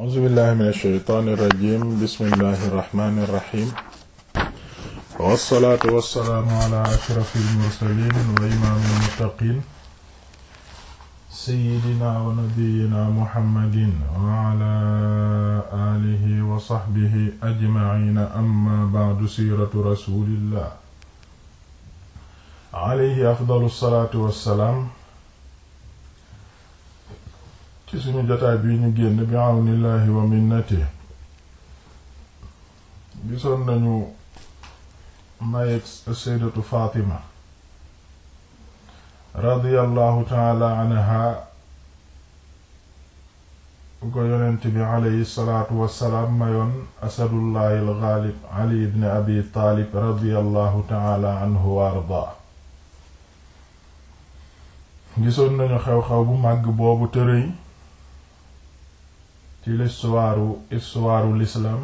a'uuzu billahi min ash-shaytaani rajiim bismillahi rahmaani rahiim wassalaatu wassalaamu ala ashrafil mursaliin wa imaamil muttaqiin sayyidina wa nabiyyina muhammadin wa ala aalihi wa sahbihi ajma'iin amma ba'du siiratu rasuulillah alayhi afdalu salaatu wassalaam ci suñu jotaay bii ñu génn bi àwnillaahi wa minnati gisoon nañu mayeeg saydatu Fatima radiyallahu taala anha ko yonent bi aleyhi salaatu wassalaam mayoon asadullahi algaalib ali ibn abi taalib radiyallahu taala anhu wa ardaa gisoon nañu xew-xew bu màgg boobu tërëy ci listuwaaru istuwaaru lislaam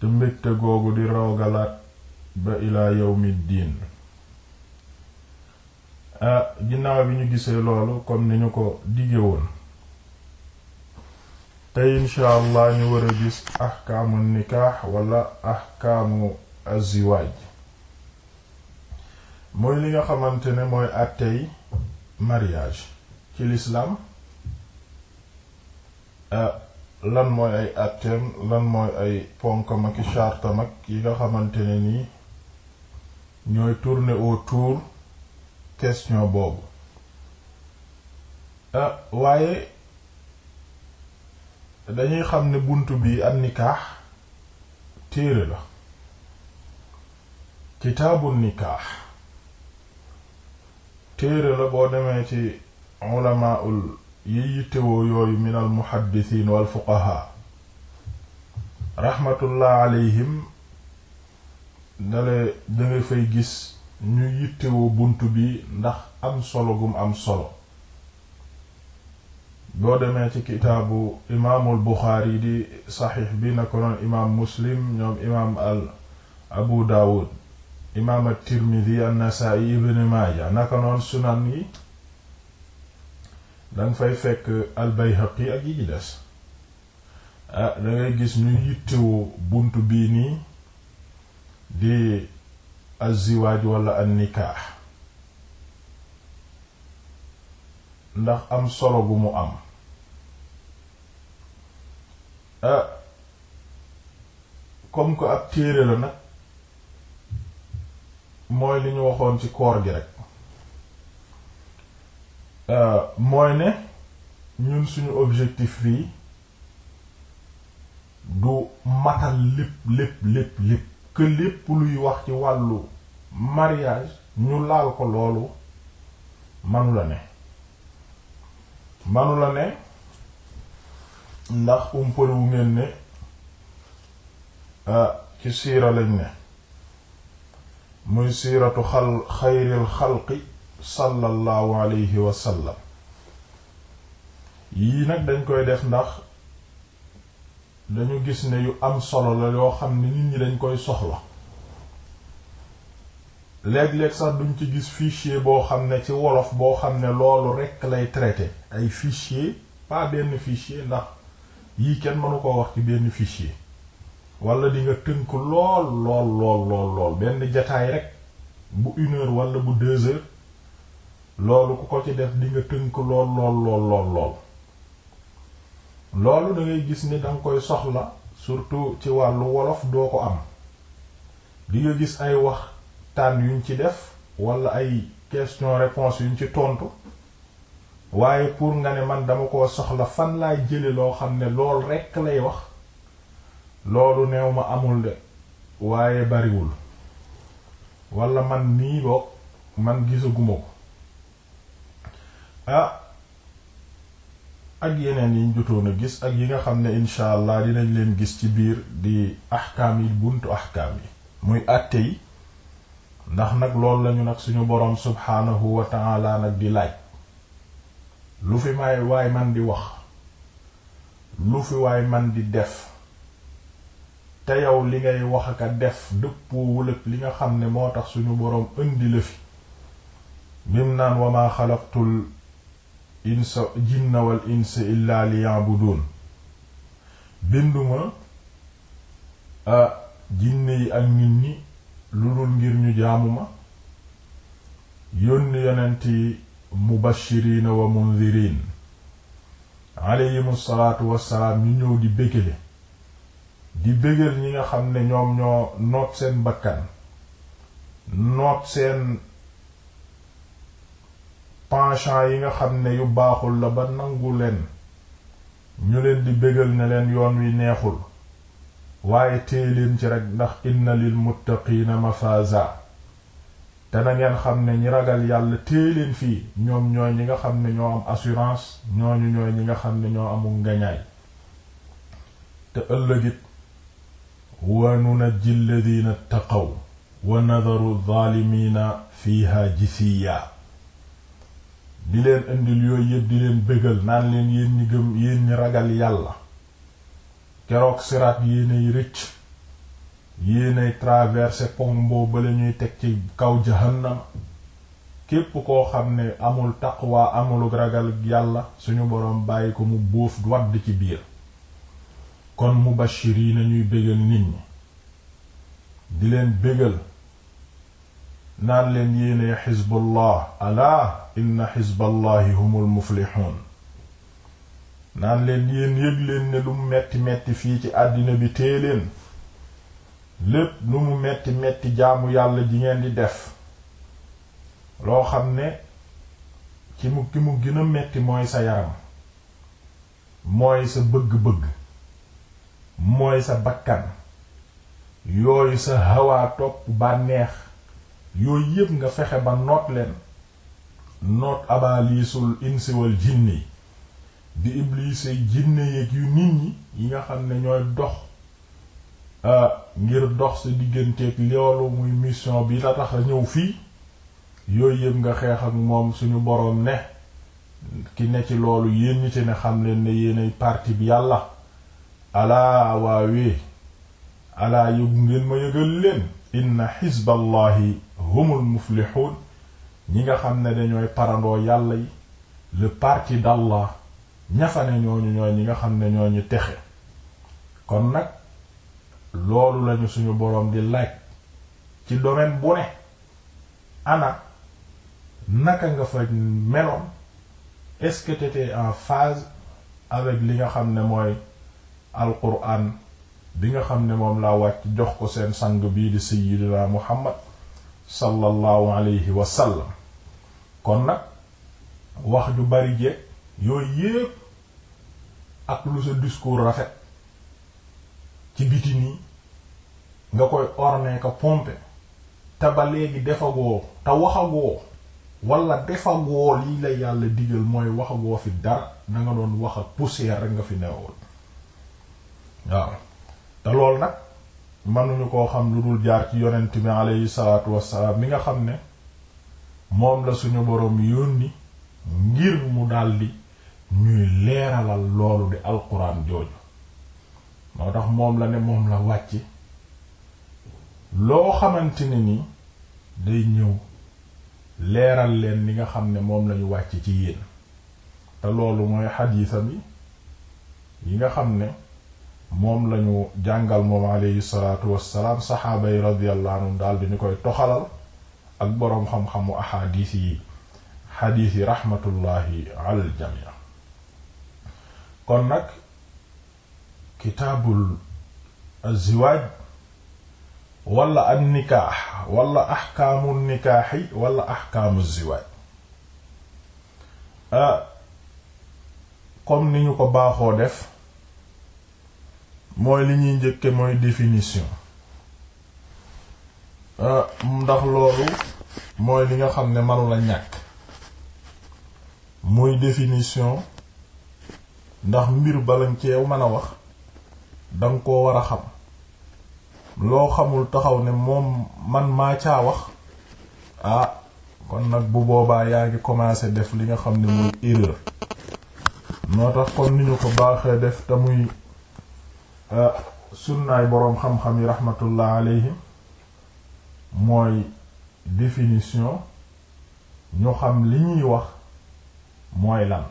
te mbégte googu di rawgalaat ba ilaa yawmi diin ah ginnaaw bi ñu gisee loolu comme ni ñu ko dige woon tey insha allah ñu war a gis ahkaamu nikaax wala ahkaamu aziwaaj mooy li nga xamante ne mooy àttey mariage ci lislaam Euh, lan mooy ay àtteem lan mooy ay ponkam ak chartam ak yi nga xamante ne nii ñooy tourner autour question boobu euh, waaye dañuy xam ni bunt bi an nikaax téere la kitaabu nikaax téere la boo demee ci ulamaul yi yittewoo yooyu min al muhaddisiin wal fuqahaa raxmatullah alayhim dale danga fay gis ñuy yittewoo bunt bi ndax am solo gum am solo boo demee ci kitaabu imaamul buxaari di saxiix bi na ko noon imaam muslim ñoom imaam al abu daawud imaam at tirmidi an nasaa'i ibn maaja na ko noon sunan yi danga fay fekk al-Bayhaqi ak yi ci des ah, dangay gis ñu yittewoo bunt bii nii di az walla wala an-nikaah ndax am solo gu mu am ah comme que ab téere la nag mooy li ñu waxoon ci koor gi rek Euh, mooy ne ñun suñu objectif fii du matal lépp lépp lépp lépp que luy wax ci wàllu mariage ñu laal ko loolu manu la ne manu la ne ndax umpal wu ngeen ne euh, ci siira lañ ne muy siiratu xal xayril xalqi sallallahu alayhi wa yii nag dañ koy def ndax dañu gis ne yu am solo la yoo xam ne nit ñi dañ koy soxla léeg-léeg sax duñ ci gis fichier boo xam ne ci wolof boo xam ne loolu rekk lay traité ay fichier pas benn fichier ndax yii kenn mënu ko wax ci benn fichier wala di tënk lool lool lool lool benn jataay rek bu une heure wala bu deux loolu ku ko ci def di nga tënk lool lool lool lool loolu da gis ni danga koy soxla surtout ci wàllu wolof doo ko am di gis ay wax waxtaan yuñ ci def walla ay question réponse yuñ ci tontu waaye pour nga ne man dama ko soxla fan laay jële loo xam ne lool rekk lay wax loolu neew ma amul de waaye bariwul wala man nii boog man gisaguma ko ah ak yeneen yiñ jotoon na gis ak yi nga xam ne incha allah dinañ leen gis ci biir di axkaam yi buntu axkaam yi muy àtte yi ndax nag loolu lañu nag suñu boroom subhaanahu wa ta'ala nag di laaj lu fi may waay man di wax lu fi waay man di def te yow li ngay wax ak def dëppoo wëlëg li nga xam ne moo tax suñu boroom indi la fi bim naan wa maa insa jinna wal insa illa liya'budun binduma jinne yi ak nit ñi lu dul ngir ñu jaamuma yónni yonent yi mubashiriina wa mundiriin aleyhimu salaatu wassalaam ñu ñëw di bégale di bégal ñi nga xam ne ñoom ñoo noot seen bakkan noot seen penchant yi nga xam ne yu baaxul la ba nangu leen ñu leen di bégal na leen yoon wi neexul waaye téye leen ci rekk ndax inna lil muttaqiina mafaza te na ngeen xam ne ñi ragal yàlla téye fii ñoom ñoo ñi nga xam ne ñoo am assurance ñooñu ñooy ñi nga xam ne ñoo amul ngañaay te ëllëgit wa nunajji alladina ttaqaw wa nadaru zaalimiina fiiha jisiya di leen indil yooyu yëpp di leen béggal naan leen yéen ñi gëm yéen ñi ragal yàlla keroog siraat yéenay rëcc yéenay traversé pont boobu la ñuy teg ci kaw jahannama képp koo xam ne amul taqwa amul ragal yàlla suñu boroom bàyyi ko mu bóof wadd ci biir kon mubashir yi nañuy bégal nit ñi di leen bégal naan leen yéene xizbullah alaa inna xizballahi humul muflixuun naan leen yéen yëg leen ne lu mu metti metti fii ci àddina bi tee leen lépp lu mu metti metti jaamu yàlla ji ngeen di def loo xam ne ci mu ki mu gën a metti mooy sa yaram mooy sa bëgg-bëgg mooy sa bakkan yooyu sa hawaa topp bànneex yooy yépp nga fexe ba noot leen noot abalisul insi wal jinni di iblis ay jinne yi nga xam ne ñooy dox ngir dox sa digganteeg loolu muy mission bi la tax a ñëw fii yooyu yépp nga xeex ak moom suñu boroom ne ki ne ci loolu yéen ñi ci ne xam leen ne yéenay parti bi yàlla alaa waawee alaa yëgu ngeen ma yëgal leen inna xisballahi humul muflihun ñi nga xam ne dañooy parandoo yàlla yi le parti d'Allah ñafane ñooñu ñooy ñi nga xam ne ñooñu texe kon nag loolu lañu suñu boroom di laaj ci domaine bu ne ana naka nga fa meloon est-ce que t'étais en phase avec li nga xam ne mooy alquran bi nga xam ne moom laa wàcc jox ko seen sang bii di sayyidina Muhammad sallallahu alayhi wa sallam kon nag wax ju bari je yooy yépp ak lu sa discours rafet ci biti nii nga koy orner ka pompe te ba léegi defagoo te waxagoo wala defagoo lii la yàlla digal mooy waxagoo fi dara da nga doon wax ak poussière rek nga fi newoon waaw te loolu nag. mënuñu koo xam lu dul jaar ci yonent bi aleyhi salaatu wassalaam mi nga xam ne moom la suñu boroom yoon ni ngir mu daldi ñuy leeralal loolu di alquran jooju moo tax moom la ne moom la wàcce loo xamante ne ni day ñëw leeral leen li nga xam ne moom lañu wàcc ci yéen te loolu mooy xadiisam yi yi nga xam ne moom lañu jàngal moom aleyhi salaatu wassalaam saxaaba yi radiyallahu daal di ñu koy toxalal ak boroom xam-xamu axaadiis yi xadiis yi raxmatullahi alal jamii kon nag kitaabul aziwaaj wala an nikaax wala axkaamu nikaaxi wala axkaamu ziwaaj kom ah, ni ñu ko baaxoo def mooy li ñuy njëkke mooy définition ah, ndax loolu mooy li nga xam ne manula ñàkk mooy définition ndax mbir balañ ceew mën a wax danga ko war a xam loo xamul taxaw ne moom man maa caa wax ah kon nag bu boobaa yaa ngi commencer def li nga xam ne mooy erreur moo tax kon ni ñu ko baaxee def te muy Ah, sunnaay boroom xam-xam yi rahmatullah alayhim mooy définition ñu xam li ñuy wax mooy lan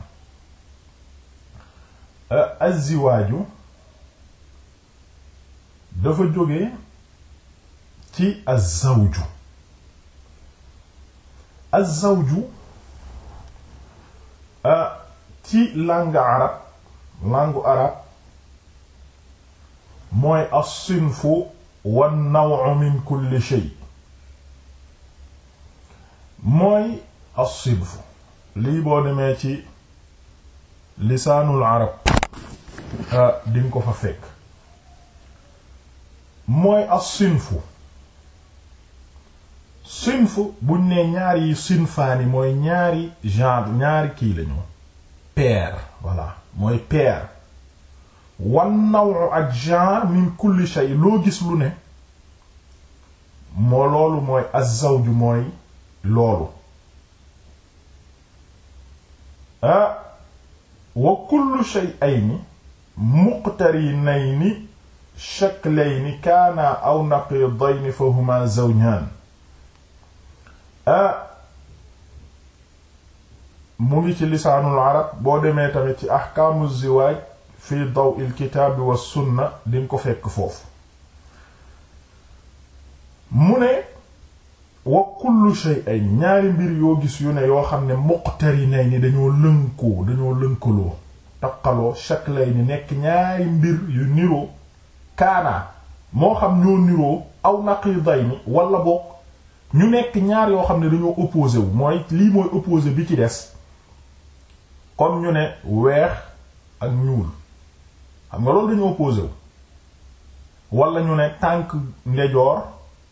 ah, azziwaaju dafa jóge ci azzawju azzawju ah, ci langue arab langue arab mooy as wan naw'u min kulli shay mooy as lii boo ci lisaanul arab di ko fa fekk mooy as-sinfu sinfu buñ ne ñaari yi sinfaani mooy ñaari genre ñaari kii lañu paire voilà mooy paire wan nawu ak genre min kulli shay loo gis lu ne moo loolu mooy azzawju mooy loolu ah wa kullu shay'ayni muqtarinayni shaklayni kaana aw naqidayni fa huma zawjaan ah mu ngi ci lisaanul arab boo demee tamit ci ahkaamu ziwaaj fii dawil kitaabi wa sunna di nga ko fekk foofu mu ne wa kullu shay'in ñaari mbir yoo gis yu ne yoo xam ne muqtarinayni dañoo lënkoo dañoo lënkaloo taqaloo shaklayni nekk ñaari mbir yu niroo kaana moo xam ñoo niroo aw naqidayni wala boog ñu nekk ñaar yoo xam ne dañoo opposé mooy lii mooy opposé bi ci des kon ñu ne weex ak ñuul xam nga loolu dañoo opposé wu ñu ne tànk ndejoor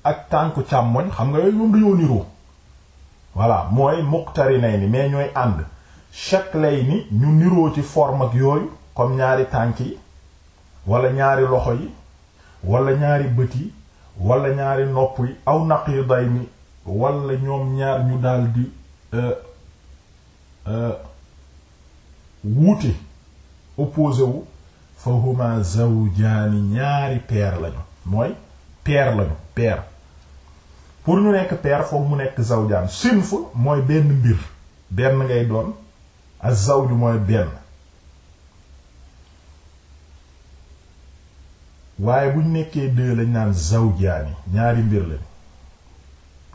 ak tànk càmmoñ xam nga yooyu moom dañoo niroo voilà mooy muqtarinay ni mais ñooy ànd shaklay ni ñu niroo ci forme ak yooyu comme ñaari tànk yi walla ñaari loxo yi wala ñaari bët yi wala ñaari nopp yi aw naqiday ni wala ñoom ñaar ñu daldi euh, euh, wuute opposé wu fa huma zawjaani ñaari peer lañu mooy peer lañu peer pour ñu nekk peer foog mu nekk zawjaan sinf mooy benn mbir benn ngay doon ak zawju mooy benn waaye bu ñu nekkee deux lañ naan zawjaani ñaari mbir lañu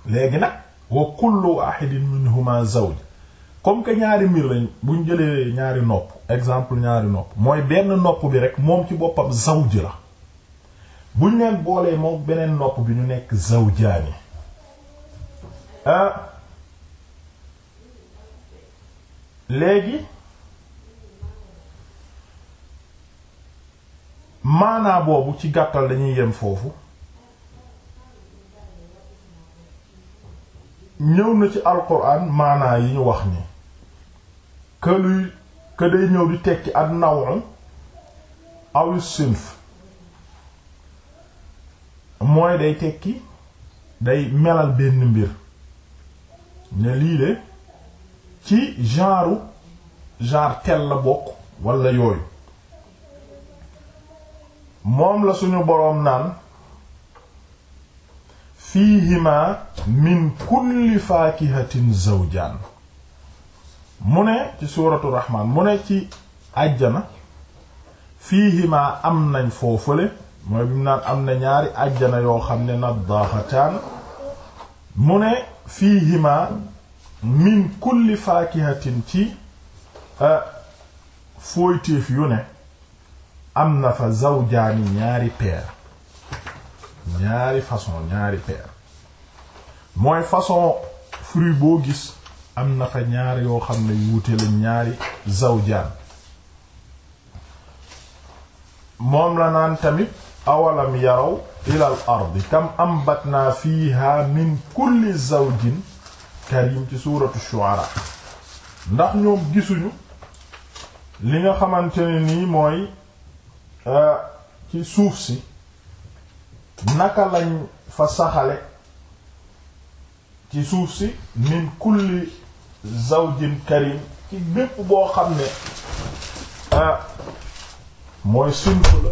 léegi nag wa kullu wahidin minhuma zawj comme que ñaari mbir lañ bu ñu jëlee ñaari nopp exemple ñaari nopp mooy benn nopp bi rek moom ci boppam zawj la buñ leen boolee moom beneen nopp bi ñu nekk zawjaani ah léegi maanaa boobu ci gàttal dañuy yem foofu ñëw na ci alquran maanaa yi ñu wax ni que que day ñëw di tekki ak nawoon aw sinf mooy day tekki day melal benn mbir ne ci genre genre tel la bokk walla yooyu moom la suñu boroom naan fiihima min kulli faakihatin zawjaan mu ne ci suuratu mu ne ci àjjana fiihimaa am nañ foofale mooy bi mu naan am na ñaari àjjana yoo xam ne naddaaxataan mu ne fiihimaa min kulli faakihatin ci euh, fooytéef yu ne am na fa zawjaani ñaari peer ñaari façon ñaari peer mooy façon fruit boo gis am na fa ñaar yoo xam ne wuute la ñaari zawjaan moom la naan tamit awalam yaraw ilal ardi kam ambatna fiha min kulli zawjin karim ci suuratu shu'ara ndax ñoom gisuñu li nga xamante nii mooy euh, ci suuf si naka lañ fa saxale ci suuf si min kulli zawjin karim ci bépp boo xam ne ah, mooy sinf la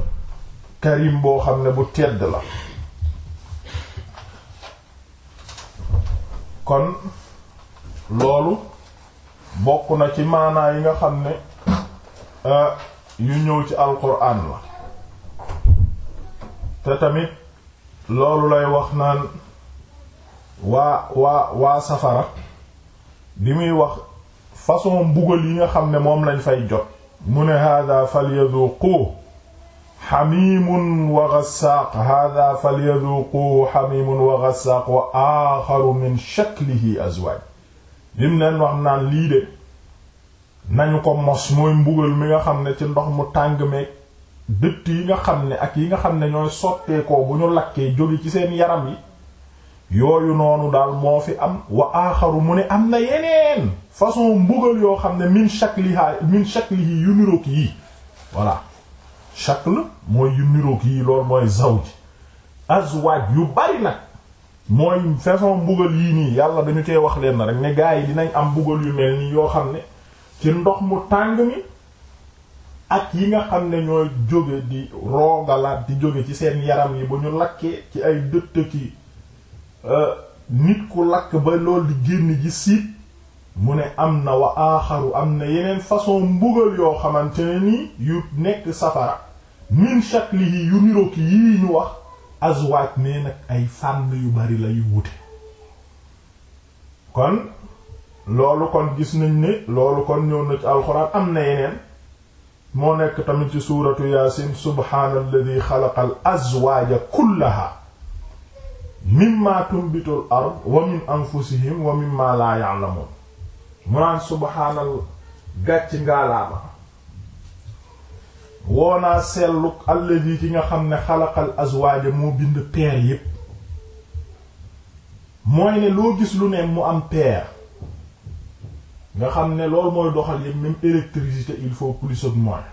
karim boo xam ne bu tedd la kon loolu bokk na ci maanaa yi nga xam ne ah, yu ñëw ci alquran la te tamit loolu lay wax naan waa waa waa safara li muy wax façon mbugal yi nga xam ne moom lañ fay jot mu ne hada falyaduqu xamimun wa gassaaq hada falyaduqu xamimun wa gassaaq wa axaru min shaklihi azwaaj lim leen wax naan lii de nañu ko mos mooy mbugal mi nga xam ne ci ndox mu tàng meeg dëtt yi nga xam ne ak yi nga xam ne ñooy sotteekoo bu ñu lakkee jóge ci seen yaram yi yooyu noonu daal moo fi am wa aaxaru mu ne am na yeneen façon mbugal yoo xam ne min shakliha min shaklihi yu niroog yii voilà shakl mooy yu niroog yii loolu mooy zawj azwaaj yu bari nag mooy façon mbugal yii nii yàlla dañu koy wax leen na rek ne gaa yi dinañ am mbugal yu mel nii yoo xam ne ci ndox mu tàng mi ak yi nga xam ne ñooy jóge di roogalaat di jóge ci seen yaram yi bu ñu lakkee ci ay dëtt ki Euh, nit ku lakk ba lool di génn ji siit mu ne am na wa aaxaru am na yeneen façon mbugal yoo xamante ne nii yu nekk safara min shaklihi yu niroog yii ñu wax azwaaj nee nag ay fànn yu bari la yu wute kon loolu kon gis nañ ne loolu kon ñëw na ci alxuraan am na yeneen moo nekk tamit ci suuratu yaasin subhaanalladi xalaqal azwaaja kullaha mimma tunbitul ard wa min anfusihim wa mimma la ya'lamun mu naan subhaanal gàcc ngaalaama woonaa selluk alladi ki nga xam ne xalaqal azwaaja moo bind peer yépp mooy ne loo gis lu ne mu am peer nga xam ne loolu mooy doxal yépp même électricité il faut plus ak moins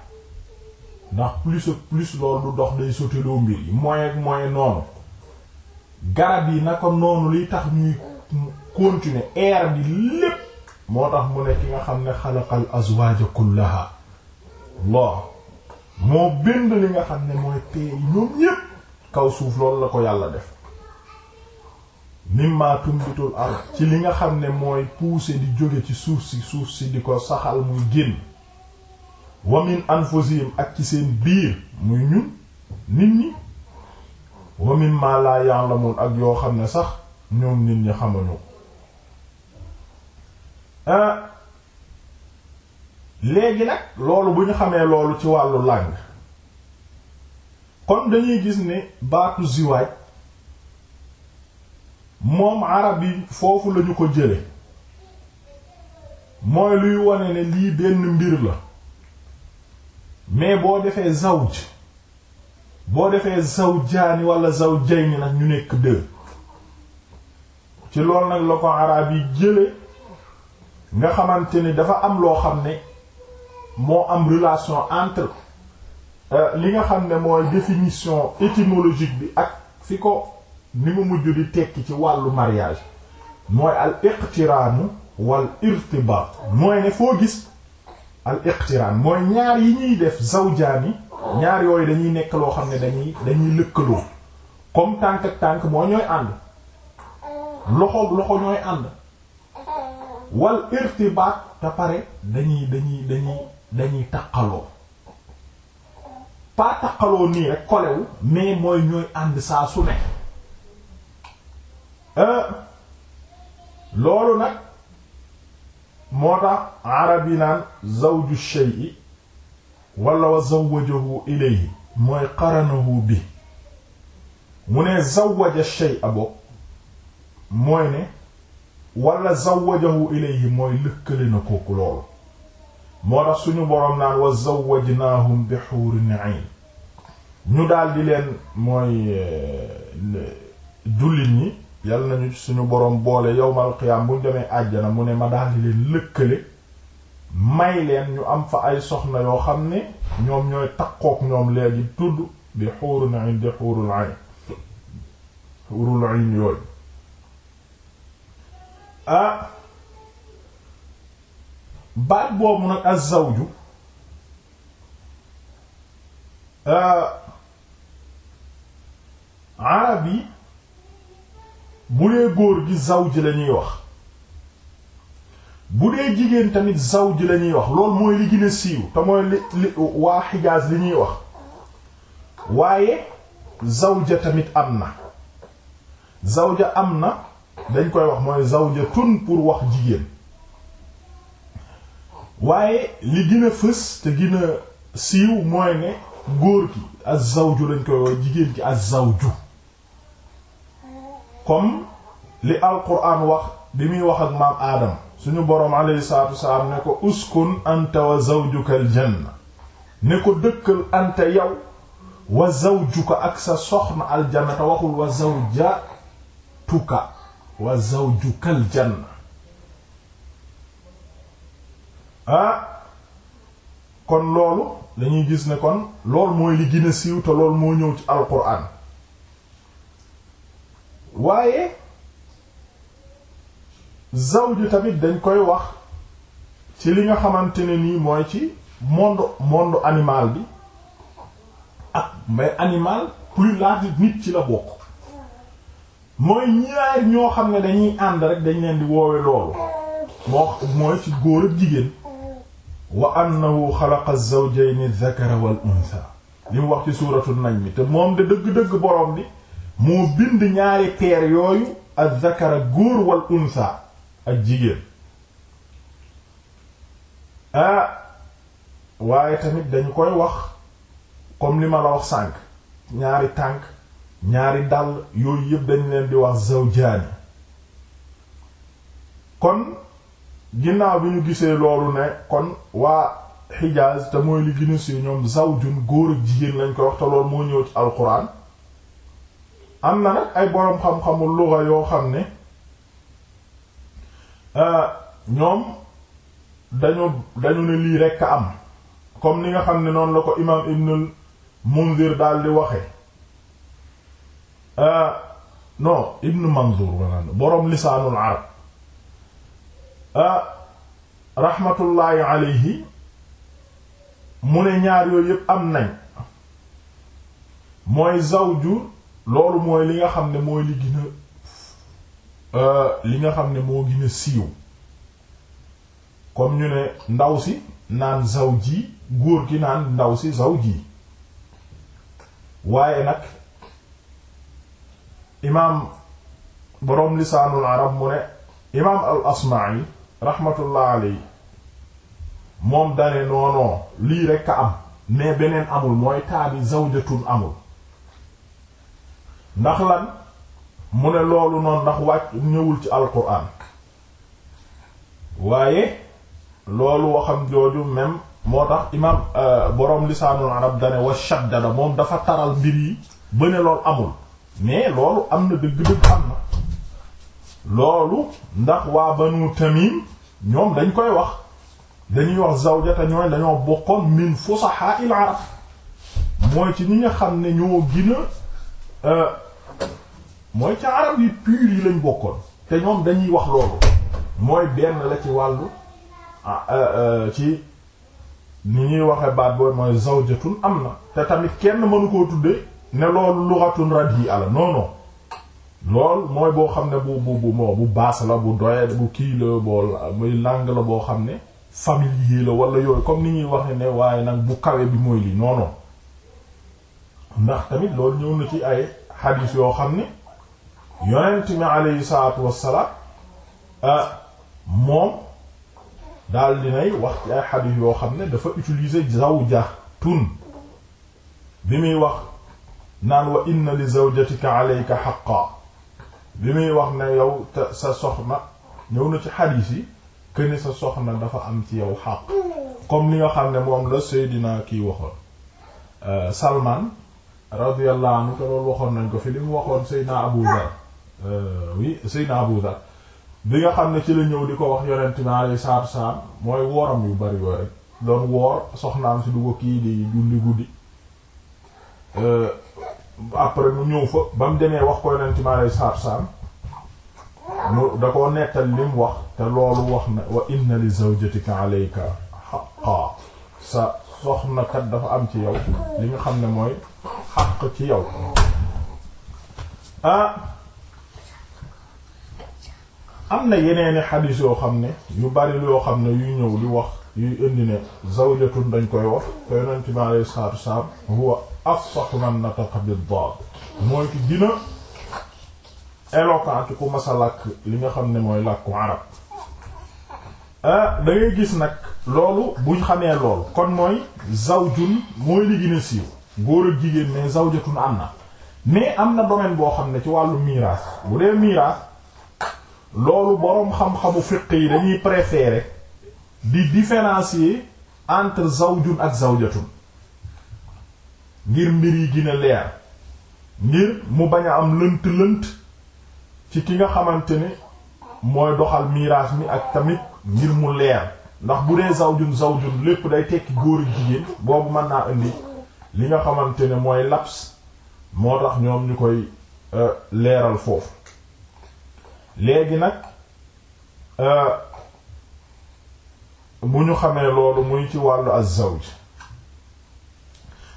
ndax plus ak plus loolu du dox day soteloo mbir yi moins ak moins noonu garab yi ko noonu li tax ñuy continuer air bi lépp moo tax mu ne ki nga xam ne xalaqal azwaaja kullaha Allah moo bind li nga xam ne mooy teey ñoom ñépp kaw suuf loolu la ko yàlla def mimma tumbitul ard ci li nga xam ne mooy pousser di jóge ci suuf si suuf si di ko saxal muy génn wa min ak ci seen biir muy ñun nit ñi wa mimma la ya'lamun ak yoo xam ne sax ñoom nit ñi xamuñu ko ah, léegi nag loolu bu ñu xamee loolu ci wàllu langue kon dañuy gis ni baatu ziwaaj moom arab yi foofu lañu ko jële mooy luy wone ne lii benn mbir la mais boo defee zawj boo defee zawjaani wala zawjayni nag ñu nekk deux ci loolu nag la ko arab yi jële nga xamante ni dafa am loo xam ne moo am relation entre euh, li nga xam ne mooy définition étymologique bi ak fi ko ni mu mujj di tekki ci wàllu mariage mooy al iqtiraanu wal irtibaat mooy ne foo gis al iqtiraan mooy ñaar yi ñuy def zawjaani ñaari yooyu dañuy nekk loo xam ne dañuy dañuy lëkkaloo comme tànk ak tànk moo ñooy ànd loxoog loxo ñooy ànd wal irtibaat te pare dañuy dañuy dañuy dañuy taqaloo pas taqaloo nii rek kolewu mais mooy ñooy ànd saa su ne euh, loolu nag moo tax arab yi naan zawju shay'i wala wa zawwajahu ilayhi mooy qaranahu bi mu ne zawwaja shay'a bokk mooy ne wala zawwajahu ilayhi mooy lëkkale na kooku loolu moo tax suñu boroom naan wa zawwajnaahum bi huurin 'ayn ñu daal di leen mooy eh, jullit ñi yal nañu suñu borom boole yawmal qiyaam bu ñu demee àjjana mu ne ma daal leen lëkkale may leen ñu am fa ay soxna yoo xam ne ñoom ñooy takkook ñoom léegi tudd di xuurun indi xuurul ayn xuurul ayn yooyu ah baat boobu nag az-zawju arab yi bu dee góor gi zawj lañuy wax bu dee jigéen tamit zawj la ñuy wax lool mooy li gën a siiw te mooy li li waa xijaas li ñuy wax waaye zawja tamit am na zawja am na dañ koy wax mooy zawja tun pour wax jigéen waaye li gën a fës te gën a siiw mooy ne góor gi az-zawju lañ koy wax jigéen gi ak zawju comme li alquran wax bi muy wax ak maam aadama suñu boroom alayhi salaatu wasalaam ne ko uskun anta wa zawjuka janna ne ko dëkkal anta yow wa zawjuka ak sa soxna al janna te waxul wa zawjatuka wa zawjuka al janna ah kon loolu dañuy gis ne kon loolu mooy li gën siiw te loolu moo ñëw ci alquran waaye zawju tamit dañ koy wax ci li nga xamante ne nii mooy ci monde monde animal bi ak ah, mais animal plus large nit ci la bokk mooy ñaar ñoo xam ne dañuy ànd rek dañ leen di woowe loolu moo mooy ci góor ak jigéen wa na xalaqa az-zawjayni adh-dhakara wal untha li mu wax ci suuratu najm te moom de dëgg-dëgg borom bi moo bind ñaari paire yooyu ak dhakara góor wal untha ak jigéen ah waaye tamit dañu koy wax comme li ma la wax sànq ñaari tànk ñaari dàll yooyu yëpp dañ leen di wax zawjaani kon ginnaaw bi ñu gisee loolu ne kon waa Hijaaz te mooy li gëna ñoom zawjun góor ak jigéen lañ koy wax te loolu moo ñëw ci alquran am na nag ay boroom xam-xamul lugha yoo xam ne Euh, ñoom dañu dañu ne lii rekk am comme ni nga xam ne noonu la ko imaam ibnul munzir daal di waxe euh, non ibnu manzur wala boroom lisaanul arab euh, rahmatullaahi alayhi mu ne ñaar yooyu yépp am nañ mooy zawju loolu mooy li nga xam ne mooy li gën a Euh, li nga xam ne moo gën siiw comme ñu ne ndaw si naan zaw ji góor gi naan ndaw si zaw ji waaye nag imaam boroom lisaanul arab mu ne imaam al asma'i rahmatullah alayhi moom dane noonoo lii rekk am mais beneen amul mooy taabi zawjatun amul ndax lan mu ne loolu noonu ndax wàcc ñëwul ci alquran waaye loolu waxam jooju même moo tax imaam euh, borom lisaanul arab dane moom dafa taral mbir yi ba amul mais loolu am na dëgg-dëgg am na loolu ndax waa banu tamim ñoom dañ koy wax dañuy wax zawjata ñooy dañoo bokkoon min fusaha il arab mooy ci ñi nga xam ne ñoo gina euh, mooy ca arab yi pur yi lañ bokkoon te ñoom dañuy wax loolu mooy benn la ci wàllu ah, euh, euh, ci ni ñuy waxe baat booy mooy zawjatun am na te tamit kenn mënu koo tudde ne loolu lughatun radhi'a la non non lool mooy boo xam ne bu bu bu baas la bu doye bu kii la boo muy langue la boo xam ne familier la wala yooyu comme ni ñuy waxe ne waaye nag bu kawe bi mooy lii non ndax tamit lool ñëw na ci ay hadith yoo xam ne yonent mi aleyhi salaatu wassalaam euh, moom daal dinay wax ci ay xadiis yoo xam ne dafa utilise utiliser zawjatun bi muy wax naan wa inna li zawjatika aleyka xaqaa bi muy wax ne yow sa soxna ñëw na ci xadiis yi këni sa soxna dafa am ci yow xaq comme ni nga xam ne moom la Seydina kiy waxoon euh, Salman radiyallahu anhu te waxoon nañ ko fi li mu waxoon Seydina Abu Dhar Euh, oui Seydina bi nga xam ne ci la ñëw di ko wax yonent bi alayhi salaatu mooy wooram yu bari yooyu rek doon woor soxnaam si du ko kii di julli guddi euh, après mu ñëw fa ba mu demee wax ko yonent bi alayhi salaatu salaam mu da koo nettal li mu wax te loolu wax na wa inna li zawjatika alayka sa soxna dafa am ci yow li nga xam ne mooy xaq ci yow ah, am na yeneeni xadiis yoo xam ne yu bari yoo xam ne yuy ñëw li wax yuy indi ne zawjatun dañ koy wax te yonent bi alayhi salaatu wasalaam huwa afsahu man nataqa bid-daad mooy ki dina éloquent ku mas làkk li nga xam ne mooy làkku arab ah, da gis nag loolu buñ xamee lool kon mooy zawjun mooy li gën siiw góor jigéen mais zawjatun am na mais am na domaine boo xam ne ci wàllu miraas bu dee miraas loolu boroom xam-xamu fiq yi dañuy préférer di différencier entre zawjun ak zawjatun ngir mbir yi gën leer ngir mu bañ a am lënt-lënt ci ki nga xamante ne mooy doxal miraas mi ak tamit ngir mu leer ndax bu dee zawjun zawjun lépp day tekki góor ak jigéen boobu mën naa indi li nga xamante ne mooy laps moo tax ñoom ñu koy euh, leeral foofu léegi nag euh, bu ñu xamee loolu muy ci wàllu az-zawj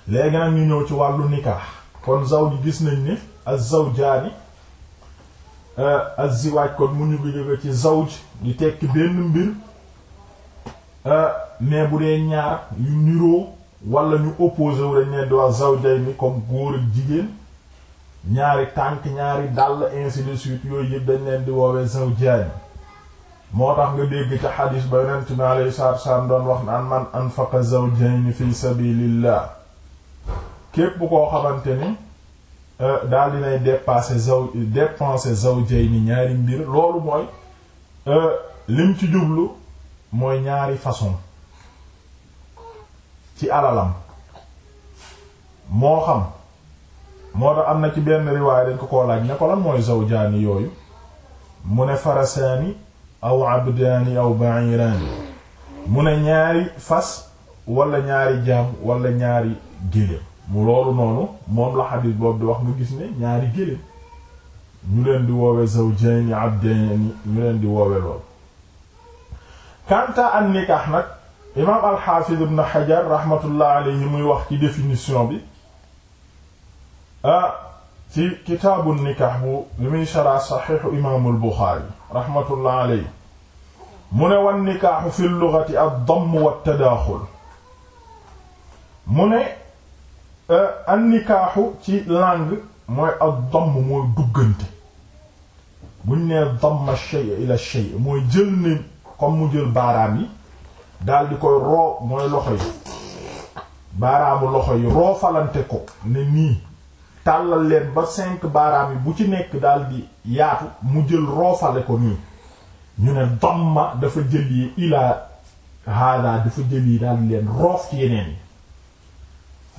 léegi nag ñu ñëw ci wàllu nikah kon zawj gis nañ ni az-zawjaani euh, az-ziwaaj kon mu ñu ngi jóge ci zawj di tekki benn mbir euh, mais bu dee ñaar yu niroo wala ñu opposé wu dañ ne di wax zawjayni comme góor ak jigéen ñaari tànk ñaari dàll ainsi de suite yooyu yëpp dañ leen di woowee zawjaani moo tax nga dégg ca xadis ba yonent bi alayhi salaatu wasalaam doon wax naan man anfaqa zawjayni fi sabilillah képp ko xamante ni euh, daal dinay dépasser zaw dépenser zawjayni ñaari mbir loolu mooy euh, lim ci jublu mooy ñaari façon ci alalam moo xam moo tax am na ci benn riwaay dañ ko koo laaj ne ko lan mooy zawjaani yooyu mu ne farasaani aw abdaani aw ba'iraani mu ne ñaari fas wala ñaari jaam wala ñaari géléem mu loolu noonu moom la xadiis boobu di wax nga gis ne ñaari géléem ñu leen di woowe zawjaani abdaani ñu leen di woowe loolu kanta an nikaax nag imaam alxaafiz ibn xajar rahmatullah alayhi muy wax ci définition bi ah ci kitaabu nikah bu li muy shara saxiixu imaamul buxaari rahmatullah mu ne wan nikaaxu fi lugati ad-damm wa tadaaxul mu ne eh, an nikaaxu ci langue mooy ad-damm mooy duggante buñ nee damma shay ila shay mooy jël ni comme mu jël baaraam daal di koy roo mooy loxo yi baaraamu loxo yi roofalante ko ne nii tàllal leen ba cinq baaraam yi bu ci nekk daldi yaatu mu jël roofale ko nii ñu ne damma dafa jël yi ilaa hada dafa jël yi daal leen roof ci yeneen yi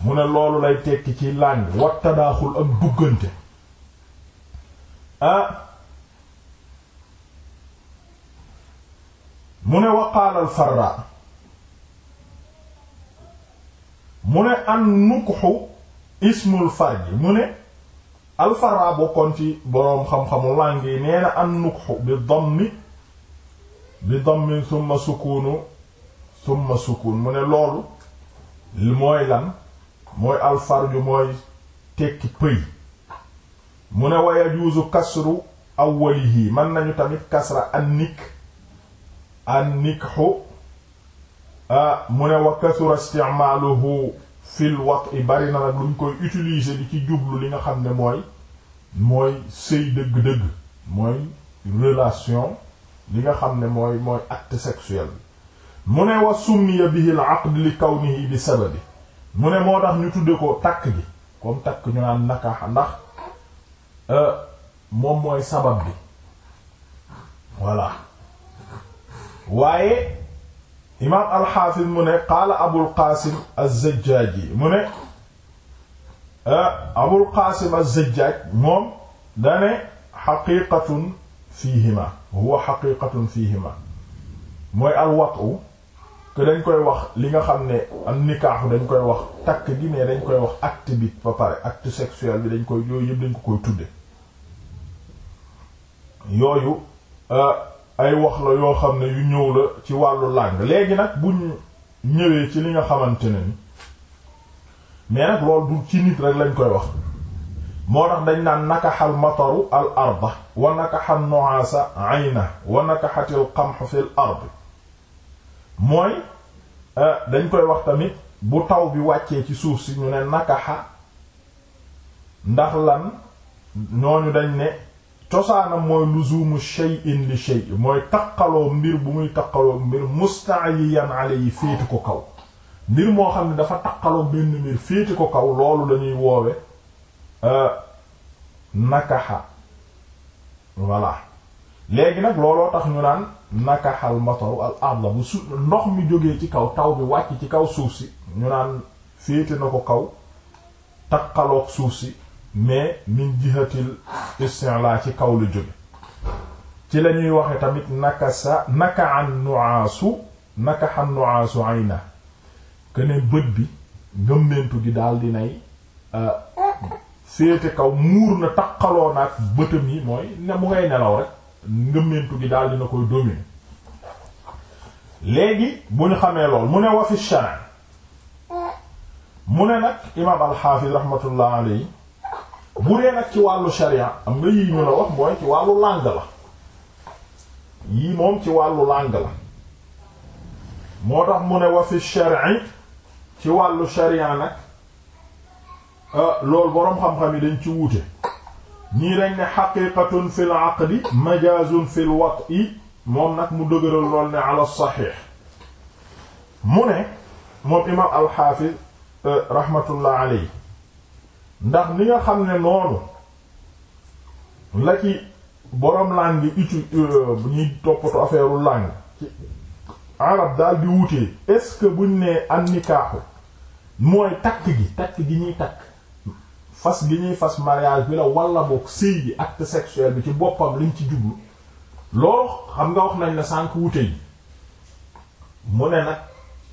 mu ne loolu lay tekki ci làng wat tadaaxul ak duggante ah mu ne waqaalal farra mu ne an nukuxu ismul farji mu ne alfaraa bokkoon ci boroom xam-xamu làng yi nee na an nuqxu bi dammi bi dammi summa sukunu summa sukun mu ne loolu mooy lan mooy alfarju mooy tekki pëy mu ne wa yajuuzu kasru awwalihi mën nañu tamit kasra an nikk an nikxu ah, mu ne wa kasura isticmaaluhu fil wat i bari na nag luñ koy utiliser di ci jublu li nga xam ne mooy mooy sëy dëgg-dëgg mooy relation li nga xam ne mooy mooy acte sexuel bi mu ne wa summiya bihi al aqd li kawnihi bi sababi mu ne moo tax ñu tudde ko takk gi comme takk ñu naan nakaxa ndax euh, moom mooy sabab bi voilà waaye imaam alxaafis mu ne qaala abul qaasim az-zajjaaji mu ne ah, abul qaasim az-zajjaaj moom dane xaqiiqatun fiihima huwa xaqiiqatun fiihima mooy alwatu que dañ koy wax li nga xam ne am nikaaxu dañ koy wax takk gi mais dañ koy wax acte bi ba pare acte sexuel bi dañ koy yooyu yëpp dañ ko koy tudde yooyu ah, ay wax la yoo xam ne yu ñëw la ci wàllu langue léegi nag bu ñu ñëwee ci li nga xamante ne ni mais nag loolu du ci nit rek lañ koy wax moo tax dañ naan nakaxal mataru al arda wa nakaxal nu'asa ayna wa nakaxatil qamh fil ard mooy euh, dañ koy wax tamit bu taw bi wàccee ci suuf si ñu ne nakaxa ndax lan ñooñu dañ ne cosaanam mooy luzumu shay'in li shay mooy taqaloo mbir bu muy taqaloo mbir musta'yiyan yi féeti ko kaw mbir moo xam ne dafa taqaloo benn mbir féeti ko kaw loolu lañuy woowe euh, nakaxa voilà léegi nag looloo tax ñu naan nakaxal mataru al arda bu su ndox mi jógee ci kaw taw bi wàcc ci kaw suuf si ñu naan féete na ko kaw taqaloog suuf si mais min jihatil istinla ci kaw lu jóge ci lañuy waxe tamit naka sa naka an nuaasu naka xan nuaasu ayna kene bët bi ngëmmentu gi daal dinay euh, féete kaw muur na taqaloo naag bëtam yi mooy ne mu ngay nelaw rek ngëmmentu gi daal dina koy dominer léegi bu ñu xamee lool mu ne wa fi shana mu ne nag imaam alxaafis rahmatullah alayhi bu dee ci wàllu sharia am nga yii ñu la wax mooy ci wàllu langue la yii moom ci wàllu langue la moo tax mu ne wa fi shar'i ci wàllu sharia nag ah, loolu boroom xam-xam yi dañ ci wuute ñii dañ ne xaqiqatun fil aqdi majaazun fil wat'i moom nag mu dëgëral lool ne ala saxiix mu ne moom imaam alxaafiz eh, rahmatullah alayhi ndax ni nga xam ne noonu la ci borom langue utu euh, bu ñuy toppatoo affaire langue ci arab daal bi wutee est-ce que buñ nee an nikaaxu mooy takk gi takk gi ñuy takk fas gi ñuy fas mariage bi la wala boog sëy bi ak sexuel bi ci boppam liñ ci jublu loo xam nga wax nañ ne sànq wute yi mu ne nag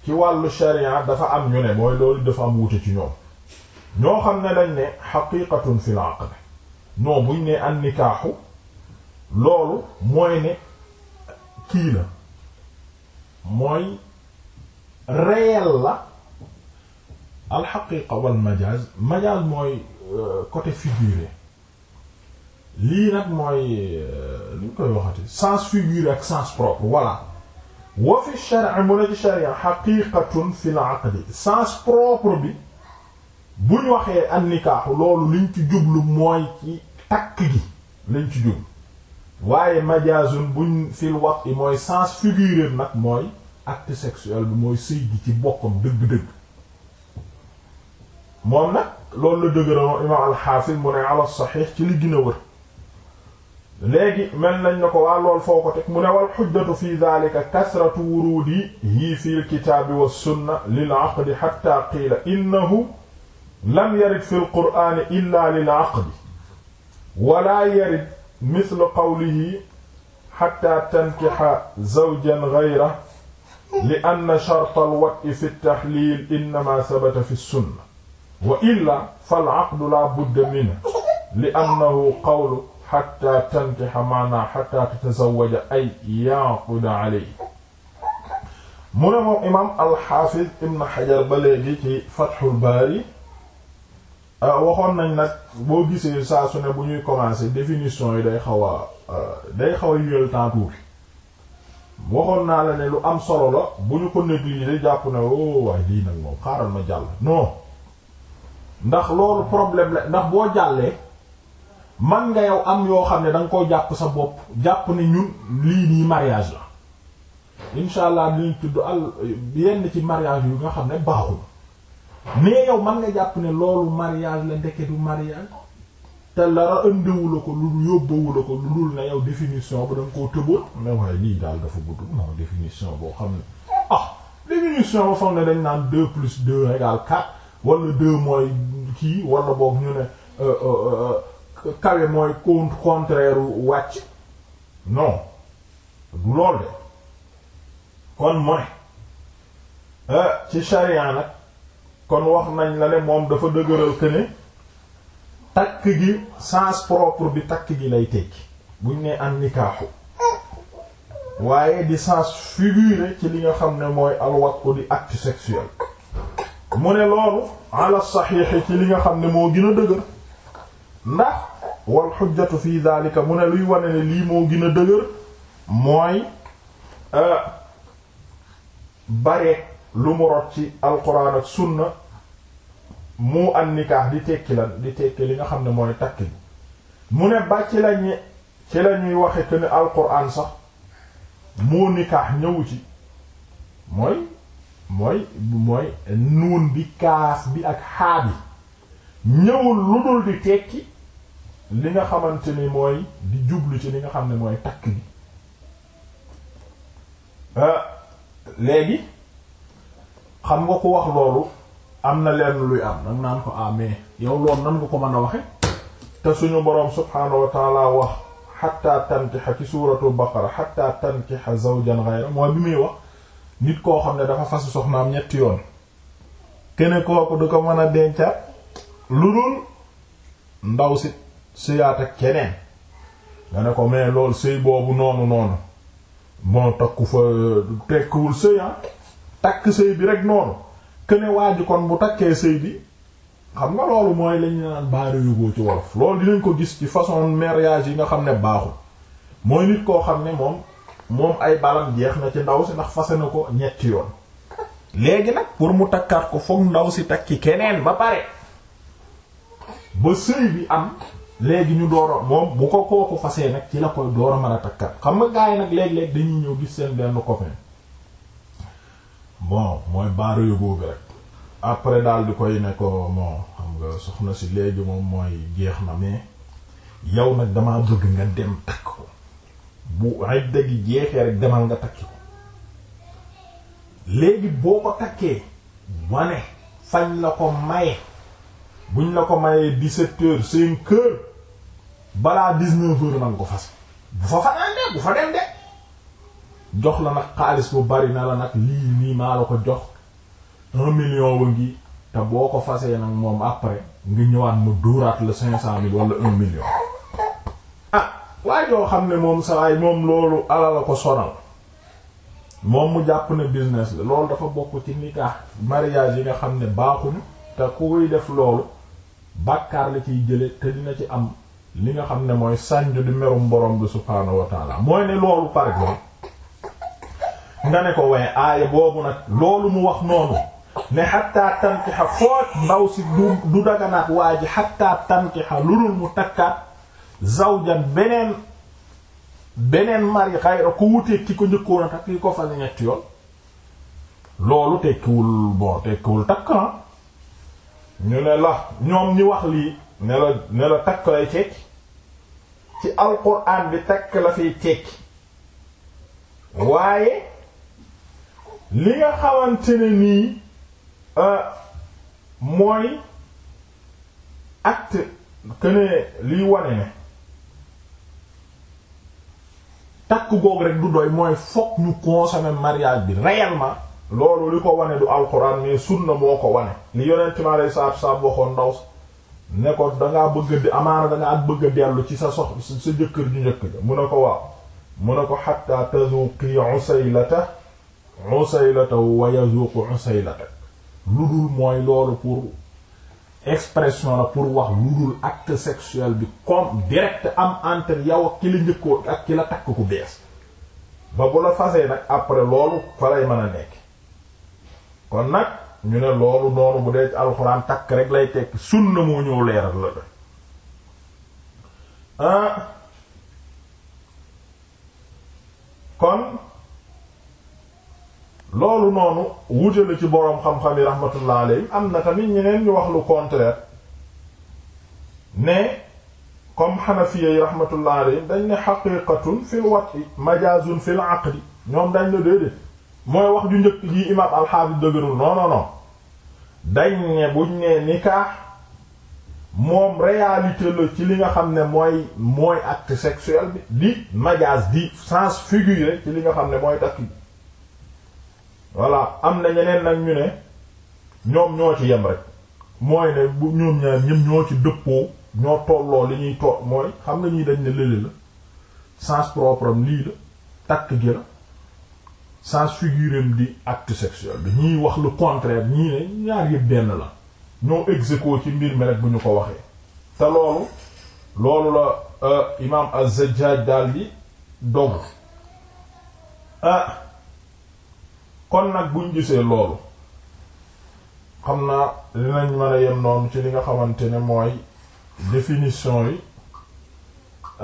ci wàllu sharia dafa am ñu ne mooy loolu dafa am wute ci ñoom ñoo xam ne dañ ne xaqiqatun fil aqd non buñ ne an nikaaxu loolu mooy ne kii mooy réel al xaqiqa wal majaaz majaaz mooy euh, côté figuré lii nag mooy lu euh, ñu koy waxati sens figuré ak sens propre voilà wa fi shar'i mu ne ci sharia xaqiqatun fil aqd sens propre bi bu ñu waxee an loolu liñ ci jublu mooy ci takk gi lañ ci jublu waaye majaazun buñ fil wax mooy sens figuré nag mooy acte sexuel bi mooy sëy gi ci bokkam dëgg-dëgg moom nag loolu la dëgëramoo imaam alxaafis mu ne nañ na ko waa lool foo ko teg mu ne wal xujjatu fi daalika kasratu wuruudi yii fi l kitaabi wa sunna lil aqdi xatta qiila innahu lam yarid fi lqur'ani illa lil aqdi wala yarid misle qawlihi xatta tankixa zawjan gayra li ann charte alwat'i fi ltaxlil innama sabata fi sunna wa illa fal aqdu la budda minhu li annahu qawlu xatta tankixa maana xatta tatazawaja ay yaquda aley mu ne moom imaam alxaafiz ibn xajar ba léegi ci fatxul baari Euh, waxoon nañ nag boo gisee saa su ne bu ñuy commencer définition yi day xaw a euh, day xaw a yuyal temps tuuti waxoon naa la ne lu am solo la bu ñu ko négliger jàpp na oh waaye lii nag moom xaaral ma jàll non ndax loolu problème la ndax boo jàllee man nga yow am yoo xam ne danga koo jàpp sa bopp jàpp ne ñun lii nii mariage la incha allah dinañ tudd al yenn ci mariage yu nga xam ne baaxul. mais yow man nga jàpp ne loolu mariage la ndeke du mariage te lara ëndiwu la ko lu yóbbawu la ko lu dul ne yow définition ba da koo tëboon mais waaye lii daal dafa gudd non définition boo xam ne ah ba foog ne dañ naan deux plus deux égale quatre wala deux mooy kii wala boog ñu ne euh, euh, euh, kawe mooy contre contraire wàcc non du lool de kon mooy ci charia nag kon wax nañ la ne moom dafa dëgëral que takk gi sens propre bi takk gi lay tekki buñ ne an nikaaxu waaye di sens figuré ci li nga xam ne mooy alwatku di acte sexuel mu ne loolu ala saxiixi ci li nga xam ne moo gën a dëgër ndax wal xujjatu fi daalika mu ne luy wane lii moo gën a dëgër mooy euh, bare lu mu rot ci alquran ak sunna mu an nikaax di tekki lan di tekki li nga xam ne mooy takk bi mu ne ba ci lañu la ñuy waxe que ne alquran sax moo nikaax ñëwu ci mooy mooy mooy nuun bi kaas bi ak xaabi ñëwul lu dul di tekki li nga xamante ni mooy di jublu ci li nga xam ne mooy takk bi euh, léegi xam nga ko wax loolu am na lenn luy am nag naan ko amee ah, yow loolu nan nga ko mën a waxe te suñu boroom subhaanahu wa taala wax xatta tankixa ci suuratu baqara xatta tankixa zawjan ghayra mooy bi muy wax nit koo xam ne dafa fasu soxnaam ñetti yoon kene ko du ko mën a dencaat lu dul ndaw si sëyaat ak keneen nga ko mais loolu sëy boobu noonu noonu bon takku fa tekkiwul sëya ah? takk sëy bi rek noonu que ne waa ji kon bu takkee sëy bi xam nga loolu mooy lañu naan baare yóbboo ci wolof loolu dinañ ko gis ci façon mariage yi nga xam ne baaxul mooy nit koo xam ne moom moom ay balam jeex na ci ndaw si ndax fase na ko ñetti yoon léegi nag pour mu takkaat ko foog ndaw si takki keneen ba pare ba sëy bi am léegi ñu door a moom bu ko kooku fasee nag ci la koy door a mën a takkaat xam nga gaay nag léeg-léeg dañuy ñëw gis seen benn copain bon mooy baaru yóbbu bi rek après daal di koy nekkoo ko xam nga soxna si léegi moom mooy jeex na mais yow nag damaa bëgg nga dem takk ko bu ay dëgg jeexee rek demal nga takki ko léegi boo ko takkee wane fañ la ko maye buñ la ko mayee dix-sept heures cinq heures balaa dix-neuf ko fas bu fa fanaan de bu fa dem de jox la nag xaalis bu bari na la nag lii nii maa la ko jox un million wa ngi te boo ko fasee nag moom après nga ñëwaat mu duuraat la cinq cent mille wala un million ah waaye yoo xam ne moom sawaay moom loolu ala la ko sonal moom mu jàpp ne business la loolu dafa bokk ci nikah mariage yi nga xam ne baaxuñu te kuy def loolu bàkkaar la ciy jële te dina ci am li nga xam ne mooy sànju di merum borom bi subhaanahu wa mooy ne loolu par exemple nga ne ko waaye aaya boobu nag loolu mu wax noonu ne xatta tankixa foot ndaw si du daganaat waa ji xatta tankixa lu dul mu takkaat zawjan beneen beneen mari xayra ku wuteeg ki ko njëkkoon a takk ki ko fa ñetti yoon loolu tekkiwul bon tekkiwul takk ah. ñu ne la ñoom ñi wax lii ne la ne la takk lay tekki ci alquran bi takk la fiy tekki waaye li nga xamante ne nii euh, mooy acte que ne liy wane ne takk googu rek du doy mooy fokk ñu consommer mariage bi réellement loolu li ko wane du alxuraan mais na moo ko wane li yonent mi alayhi salaatu salaam waxoon ndaw ne ko dangaa bëgg di amaana dangaa bëgg dellu ci sa sox sa jëkkër ju njëkk ja mun a ko waaw mun a ko xatta tazuqi usaylata usaylata wa yazuqu usaylata lu dul mooy loolu pour expression la pour wax lu dul acte sexuel bi comme direct am entre yow ak ki la njëkkoo ak ki la takk ku bees ba bu la fasee nag après loolu fa lay mën a nekk kon nag ñu ne loolu noonu bu dee alxuraan takk rek lay tekk sunna moo ñëw leeral la da ah. kon loolu noonu wute la ci boroom xam-xam yi rahmatullah alayhi am na tamit ñeneen ñu wax lu contraire ne comme xanafiya yi rahmatullah alayhi dañ ne xaqiqatun fil wat'i majaazun fil aqdi ñoom dañ ne déedéet mooy wax ju njëkk ji imaam alxaafis dëgërul non non dañ ne buñ ne nikaax moom réalité la ci li nga xam ne mooy mooy acte sexuel bi di majaas di sens figuré ci li nga xam ne mooy takk voilà am na ñeneen nag ñu ne ñoom ñoo ci yem rek mooy ne bu ñoom ñaar ñëm ñoo ci dëppoo ñoo tolloo li ñuy toog mooy xam na ñuy dañ ne lële la sens propre lii la takk gi la sens figuré am di acte sexuel bi ñuy wax lu contraire ñii ne ñaar yëpp benn la ñoo ex ci mbir mi rek bu ñu ko waxee te loolu loolu la euh, imaam Az-Zajjaj di dog ah, kon nag buñ gisee loolu xam naa dinañ mën a yem noonu ci li nga xamante ne mooy définition yi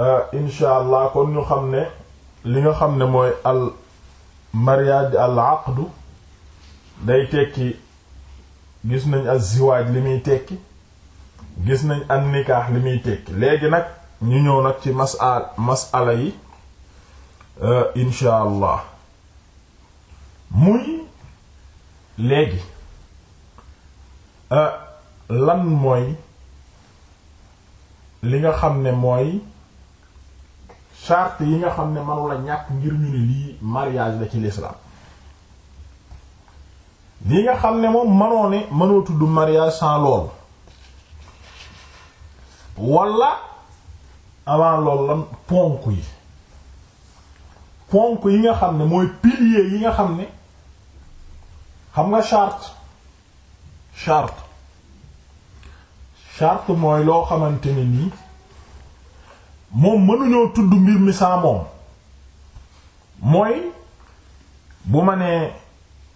euh, incha allah kon ñu xam ne li nga xam ne mooy al mariage al aqdu day tekki gis nañ az-ziwaaj li muy tekki gis nañ an nikaax li muy tekki léegi nag ñu ñëw nag ci masal masala yi euh, incha allah muy léegi euh, lan mooy li nga xam ne mooy charte yi nga xam ne manula ñàkk ngir ñu ne lii mariage la ci l'islam li nga xam ne moom manoo ne manoo tudd mariage sans lool wala avant lool lan ponk yi ponk yi nga xam ne mooy pilier yi nga xam ne xam nga charte charte charte mooy loo xamante ne nii moom mënuñoo tudd mbir mi saa moom mooy bu ma nee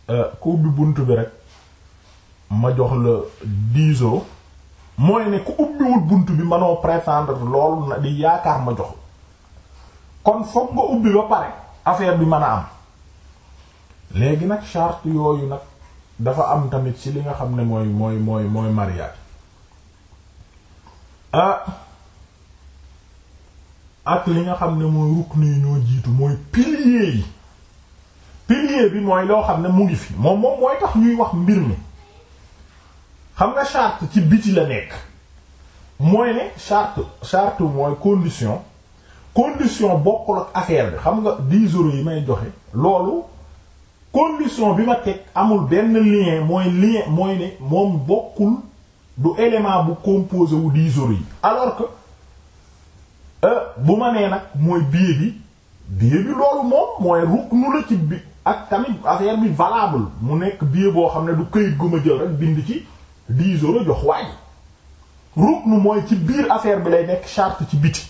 euh, ku ubbi bunt bi rek ma jox la dix mooy ne ku ubbiwul bunt bi manoo prétendre loolu na di yaakaar ma jox kon foog nga ubbi ba pare affaire bi mën a am léegi nag charte yooyu nag dafa am tamit ci li nga xam ne mooy mooy mooy mooy mariage ah ak li nga xam ne mooy rukn yi ñoo jiitu mooy pilier yi pilier bi mooy loo xam ne mu ngi fi moom moom mooy tax ñuy wax mbir mi xam nga charte ci biti la nekk mooy ne charte charte mooy condition condition bokkul ak affaire bi xam nga 10 euros yi may joxe loolu condition bi ma teg amul benn lien mooy lien mooy ne moom bokkul du élément bu composé wu diisor yi alors que euh, bu ma nee nag mooy biir bi billet bi loolu moom mooy ruknu la ci bi ak tamit affaire bi valable mu nekk biir boo xam ne du këyit gu ma jël rek bind ci dix euros jox waay ruknu mooy ci biir affaire bi lay nekk chart ci biti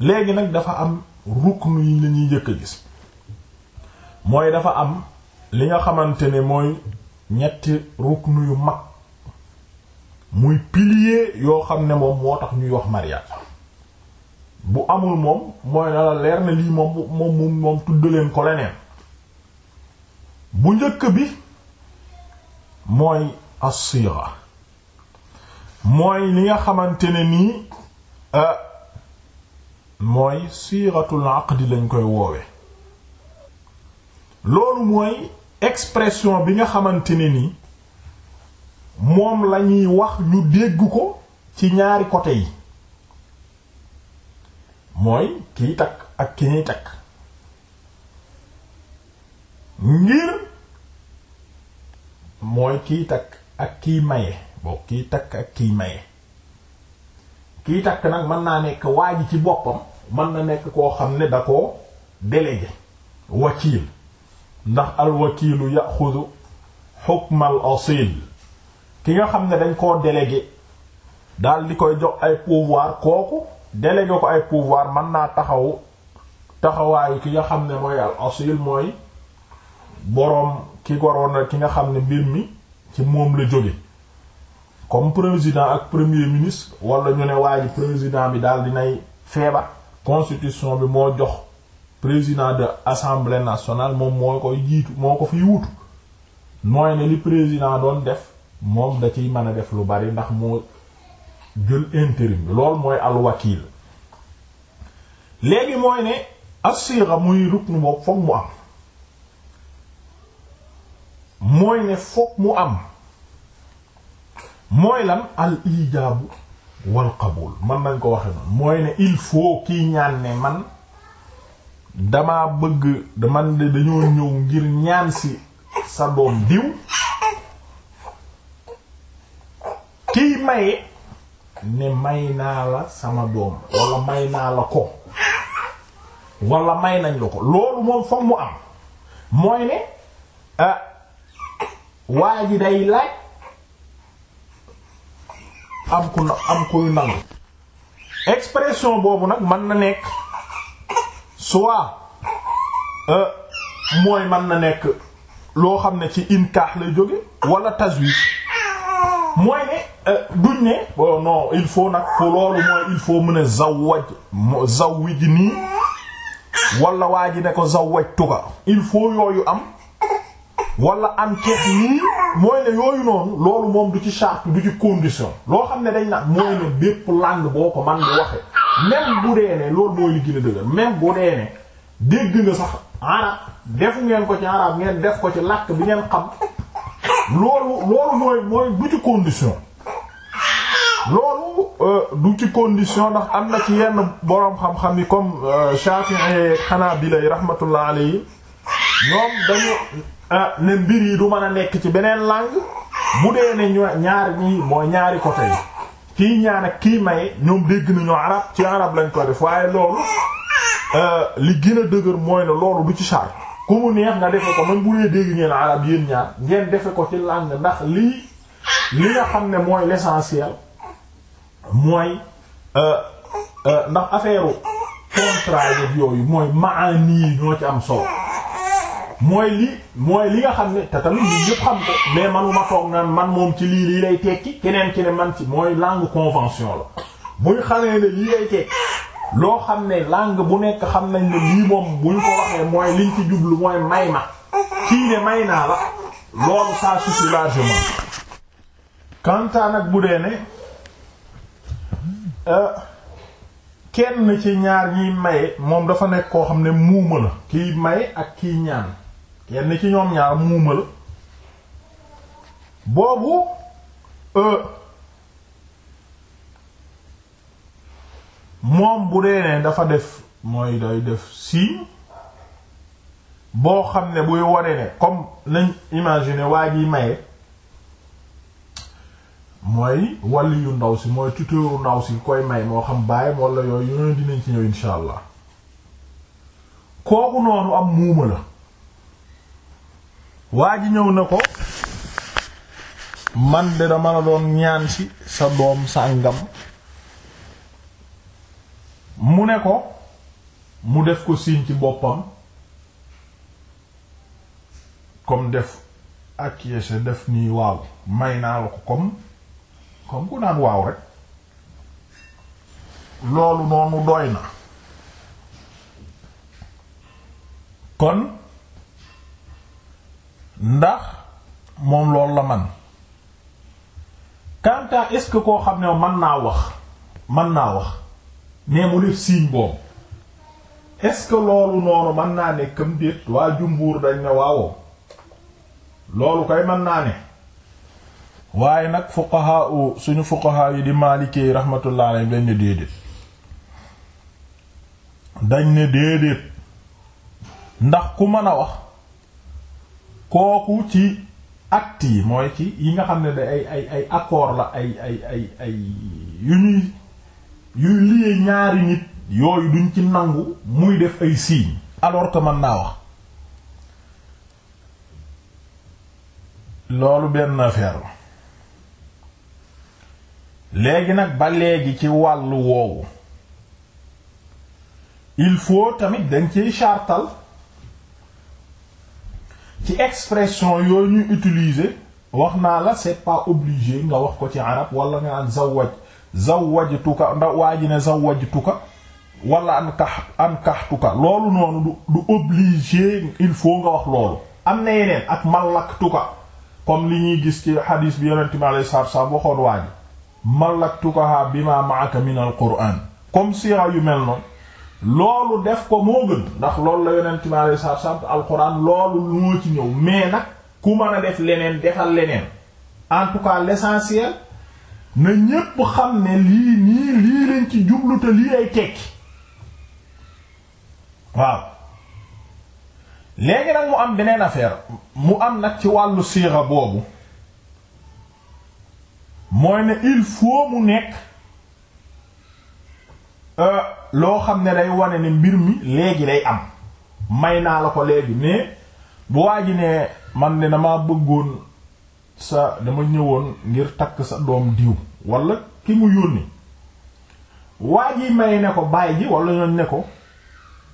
léegi nag dafa am ruknu yi la ñuy njëkk a gis mooy dafa am li nga xamante ne mooy ñetti ruknu yu mag muy pilier yoo xam ne moom moo tax ñuy wax mariage bu amul moom mooy na la leer na lii moom moom moom tuddaleen ko leneen bu njëkk bi mooy as-sigha mooy li nga xamante ne nii euh, mooy siratul aqd lañ koy woowe loolu mooy expression bi nga xamante ne ni moom lañuy wax ñu dégg ko ci ñaari côté yi mooy kiy takk ak ki ñuy takk ngir mooy kiy takk ak kiy maye kiy takk nag mën naa nekk waa ji ci boppam mën na nekk koo xam ne da ko délégué wakiil ndax alwakiilu yaxudu xukmal asil ki nga xam ne dañ koo délégué daal di koy jox ay pouvoir kooku délégué ko ay pouvoir mën naa taxaw taxawaayu ki nga xam ne mooy al asil mooy boroom ki waroon ki nga xam ne mbir mi ci moom la jóge comme président ak premier ministre wala ñu ne waa ji président bi daal dinay feebar constitution bi moo jox président de assemblée nationale moom moo koy jiitu moo ko fi wuutu mooy ne li président doon def moom da ciy mën a def lu bari ndax moo jël intérim bi loolu mooy alwakil léegi mooy ne as muy ruknu boobu fokk mu am mooy ne fokk mu am mooy lan al ijaabu wal qabul man nañ ko waxe noonu mooy ne il faut kiy ñaan ne man dama bëgg man de dañoo ñëw ngir ñaan si sa doom diw kiy maye ne may naa la sama doom wala may naa la ko wala may nañ la ko loolu moom foog mu am mooy ne ah, waa ji day laaj am ku am kuy nangu expression boobu nag mën na nekk soit euh, mooy man na nekk loo xam ne ci inkaax lay jóge wala tazwij mooy ne euh, duñ ne non il faut nag pour loolu mooy il faut mën a zawwaj zawwij nii wala waa ji ne ko zawwaj tuka il faut yooyu am wala enquête nii mooy ne yooyu noonu loolu moom du ci charte du ci condition loo xam ne dañ naan mooy ne bépp langue boo ko man di waxe même bu dee ne loolu mooy li gën a dëgër même bu dee ne dégg nga sax arab def ngeen ko ci arab ngeen def ko ci làkk bi ngeen xam loolu loolu mooy mooy du ci condition loolu euh, du ci condition ndax am na ci yenn boroom xam-xam ni comme euh, Shafi'i Hanabila rahmatullah alayhi ñoom dañu ah, ne mbir yi du mën a nekk ci beneen langue bu dee ne ñaar ñii mooy ñaari côté yi kii ñaan ak kii maye ñoom dégg nañu arab ci arab lañ ko def waaye loolu euh, li gën a dëgër mooy ne loolu du ci char ku mu neex nga defe ko même bu dee dégg ngeen arab yéen ñaar ngeen defe ko ci langue ndax lii li nga xam ne mooy l'essentiel mooy euh, euh, ndax affaire contrat yooyu mooy ma maani ñoo ci am solo mooy li mooy li nga xam ne te tamit ñun ñëpp xam ko mais manuma toog naan man moom ci lii lii lay tekki keneen ki ne man ci mooy langue convention la muy xamee ne lii lay tekki loo xam ne langue bu nekk xam nañ ne lii moom buñ ko waxee mooy liñ ci jublu mooy may na kii ne may naa la loolu ça suffit largement kantaa nag bu dee ne euh, kenn ci ñaar ñiy maye moom dafa nekk koo xam ne muuma la kiy maye ak kiy ñaan kenn ci ñoom ñaar muuma la boobu euh, moom bu dee ne dafa def mooy day def signe boo xam ne buy wone ne comme nañ imaginer waa ji maye mooy wàlli yu ndaw si mooy tuteuru ndaw si koy may moo xam bàyyam wala yooyu yoneen dinañ ci ñëw insha kooku noonu am muuma la waa ji ñëw na ko man de dama la doon ñaan ci sa doom sàngam mu ne ko mu def ko siiñ ci boppam comme def ak yese def nii waaw may naa la ko comme comme ku naan waaw rek loolu noonu doy na kon ndax moom loolu la man kanta est koo xam ne mën naa wax mën naa wax mais mu def signe boobu est loolu noonu mën naa ne këm déet waa jumbuur dañ ne waawoo loolu kay mën naa ne waaye nag fuqaha suñu fuqaha yi di maalikee rahmatullah alayhi dañ ne déedéet dañ ne déedéet ndax ku mën a wax kooku ci acte yi mooy ci yi nga xam ne da ay ay la ay ay ay yu ñuy yuy lié ñaari nit yooyu duñ ci nangu muy def ay signes alors que mën naa wax loolu benn affaire léegi nag ba léegi ci wàllu woowu il faut tamit dañ ciy chartal ci expression yooyu ñuy utiliser wax naa la c'est pas obligé nga wax ko ci arab walla nga naan zawaj zawajtuka ndax waa ji ne zawajtuka wala an kax an kaxtuka loolu noonu du obligé il faut nga wax loolu am na yeneen ak malaktuka comme li ñuy gis ci xadiis bi yonente mi alei satu salaam waxoon waa ji malaktukaha bima ma'aka min al qur'an comme sira yu mel noonu loolu def ko moo gën ndax loolu la yonent mi alei satu salam alxuraan loolu moo ci ñëw mais nag ku mën a def leneen defal leneen en tout cas l'essentiel na ñépp xam ne lii nii lii lañ ci jublu te lii ay tekki waaw léegi nag mu am beneen affaire mu am nag ci wàllu siira boobu mooy ne il faut mu nekk Euh, loo xam ne day wane ne mbir mi léegi day am may naa la ko léegi mais bu waa ji man de dama bëggoon sa dama ñëwoon ngir takk sa doom diw walla ki mu yónni waa ji may ne ko baay ji wala ñooñ ne ko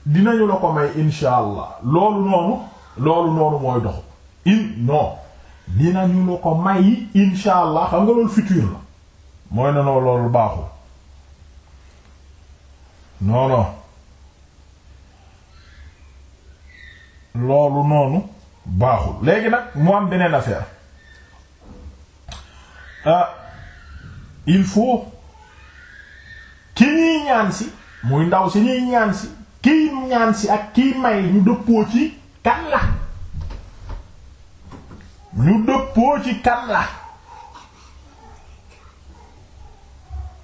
dinañu la ko may insha loolu noonu loolu noonu mooy dox in non dinañu la ko may insha allah xam nga loolu futur la mooy ne noonu loolu baaxul non non loolu noonu baaxul léegi nag mu am beneen affaire ah, il faut ki ñuy ñaan si muy ndaw si ñuy ñaan si kiy ñaan si ak kiy may ñu dëppoo ci kan la ñu dëppoo ci kan la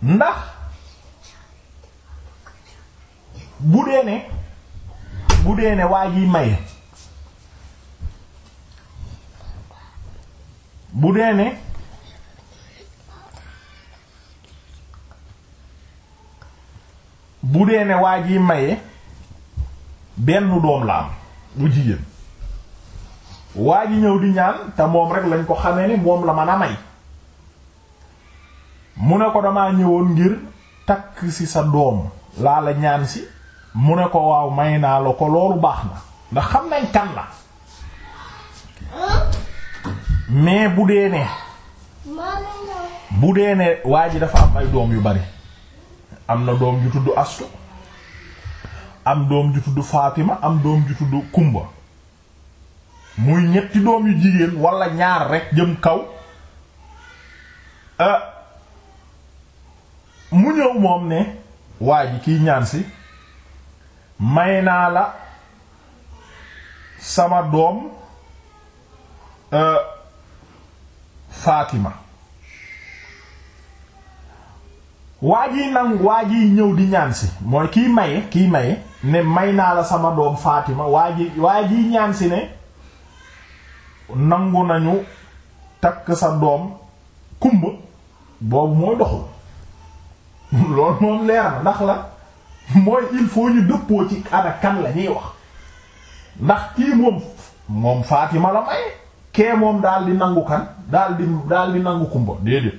ndax bu dee ne bu dee ne waa ji maye bu dee ne bu dee ne waa ji maye benn doom la am bu jigéen waa ji ñëw di ñaan te moom rek lañ ko xamee ne moom la mën a may mu ne ko damaa ñëwoon ngir takk ci sa doom laa la ñaan ci mu ne ko waaw may naa la ko loolu baax na ndax xam nañ kan la mais bu dee ne bu dee ne waa ji dafa am ay doom yu bari am na doom ju tudd Astu am doom ju tuddu Fatima am doom ju tudd Kumba muy ñetti doom yu jigéen walla ñaar rekk jëm kaw euh, mu ñëw moom ne waa ji kiy ñaan si may naa la sama doom euh, Fatima waa ji nangu waa ji ñëw di ñaan si mooy kiy maye kiy maye ne may naa la sama doom Fatima waa ji waa ji ñaan si ne nangu nañu takk sa doom kumba boobu mooy doxul loolu moom leer ndax la mooy il faut ñu dëppoo ci ana kan la wax ndax kii moom moom Fatima la may kee moom daal di nangu kan daal di daal di nangu kumba déedéet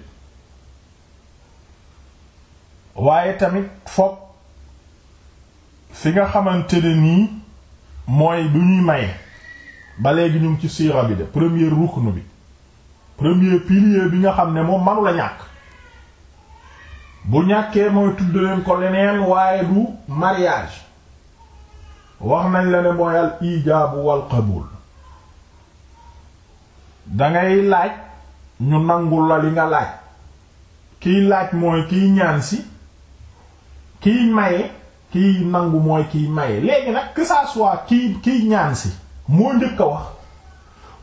waaye tamit foog si nga xamante ne nii mooy du ñuy maye ba léegi ñu ci siira bi de première ruknu bi premier pilier bi nga xam ne moom manu la ñàkk bu ñàkkee mooy tudd leen ko leneen waaye du mariage wax nañ la ne mooy al ijaabu wal dangay laaj ñu nangu la li nga laaj kiy laaj mooy kiy ñaan si kiy maye kiy nangu mooy kiy maye léegi nag que ça soit kiy kiy ñaan si moo njëkk a wax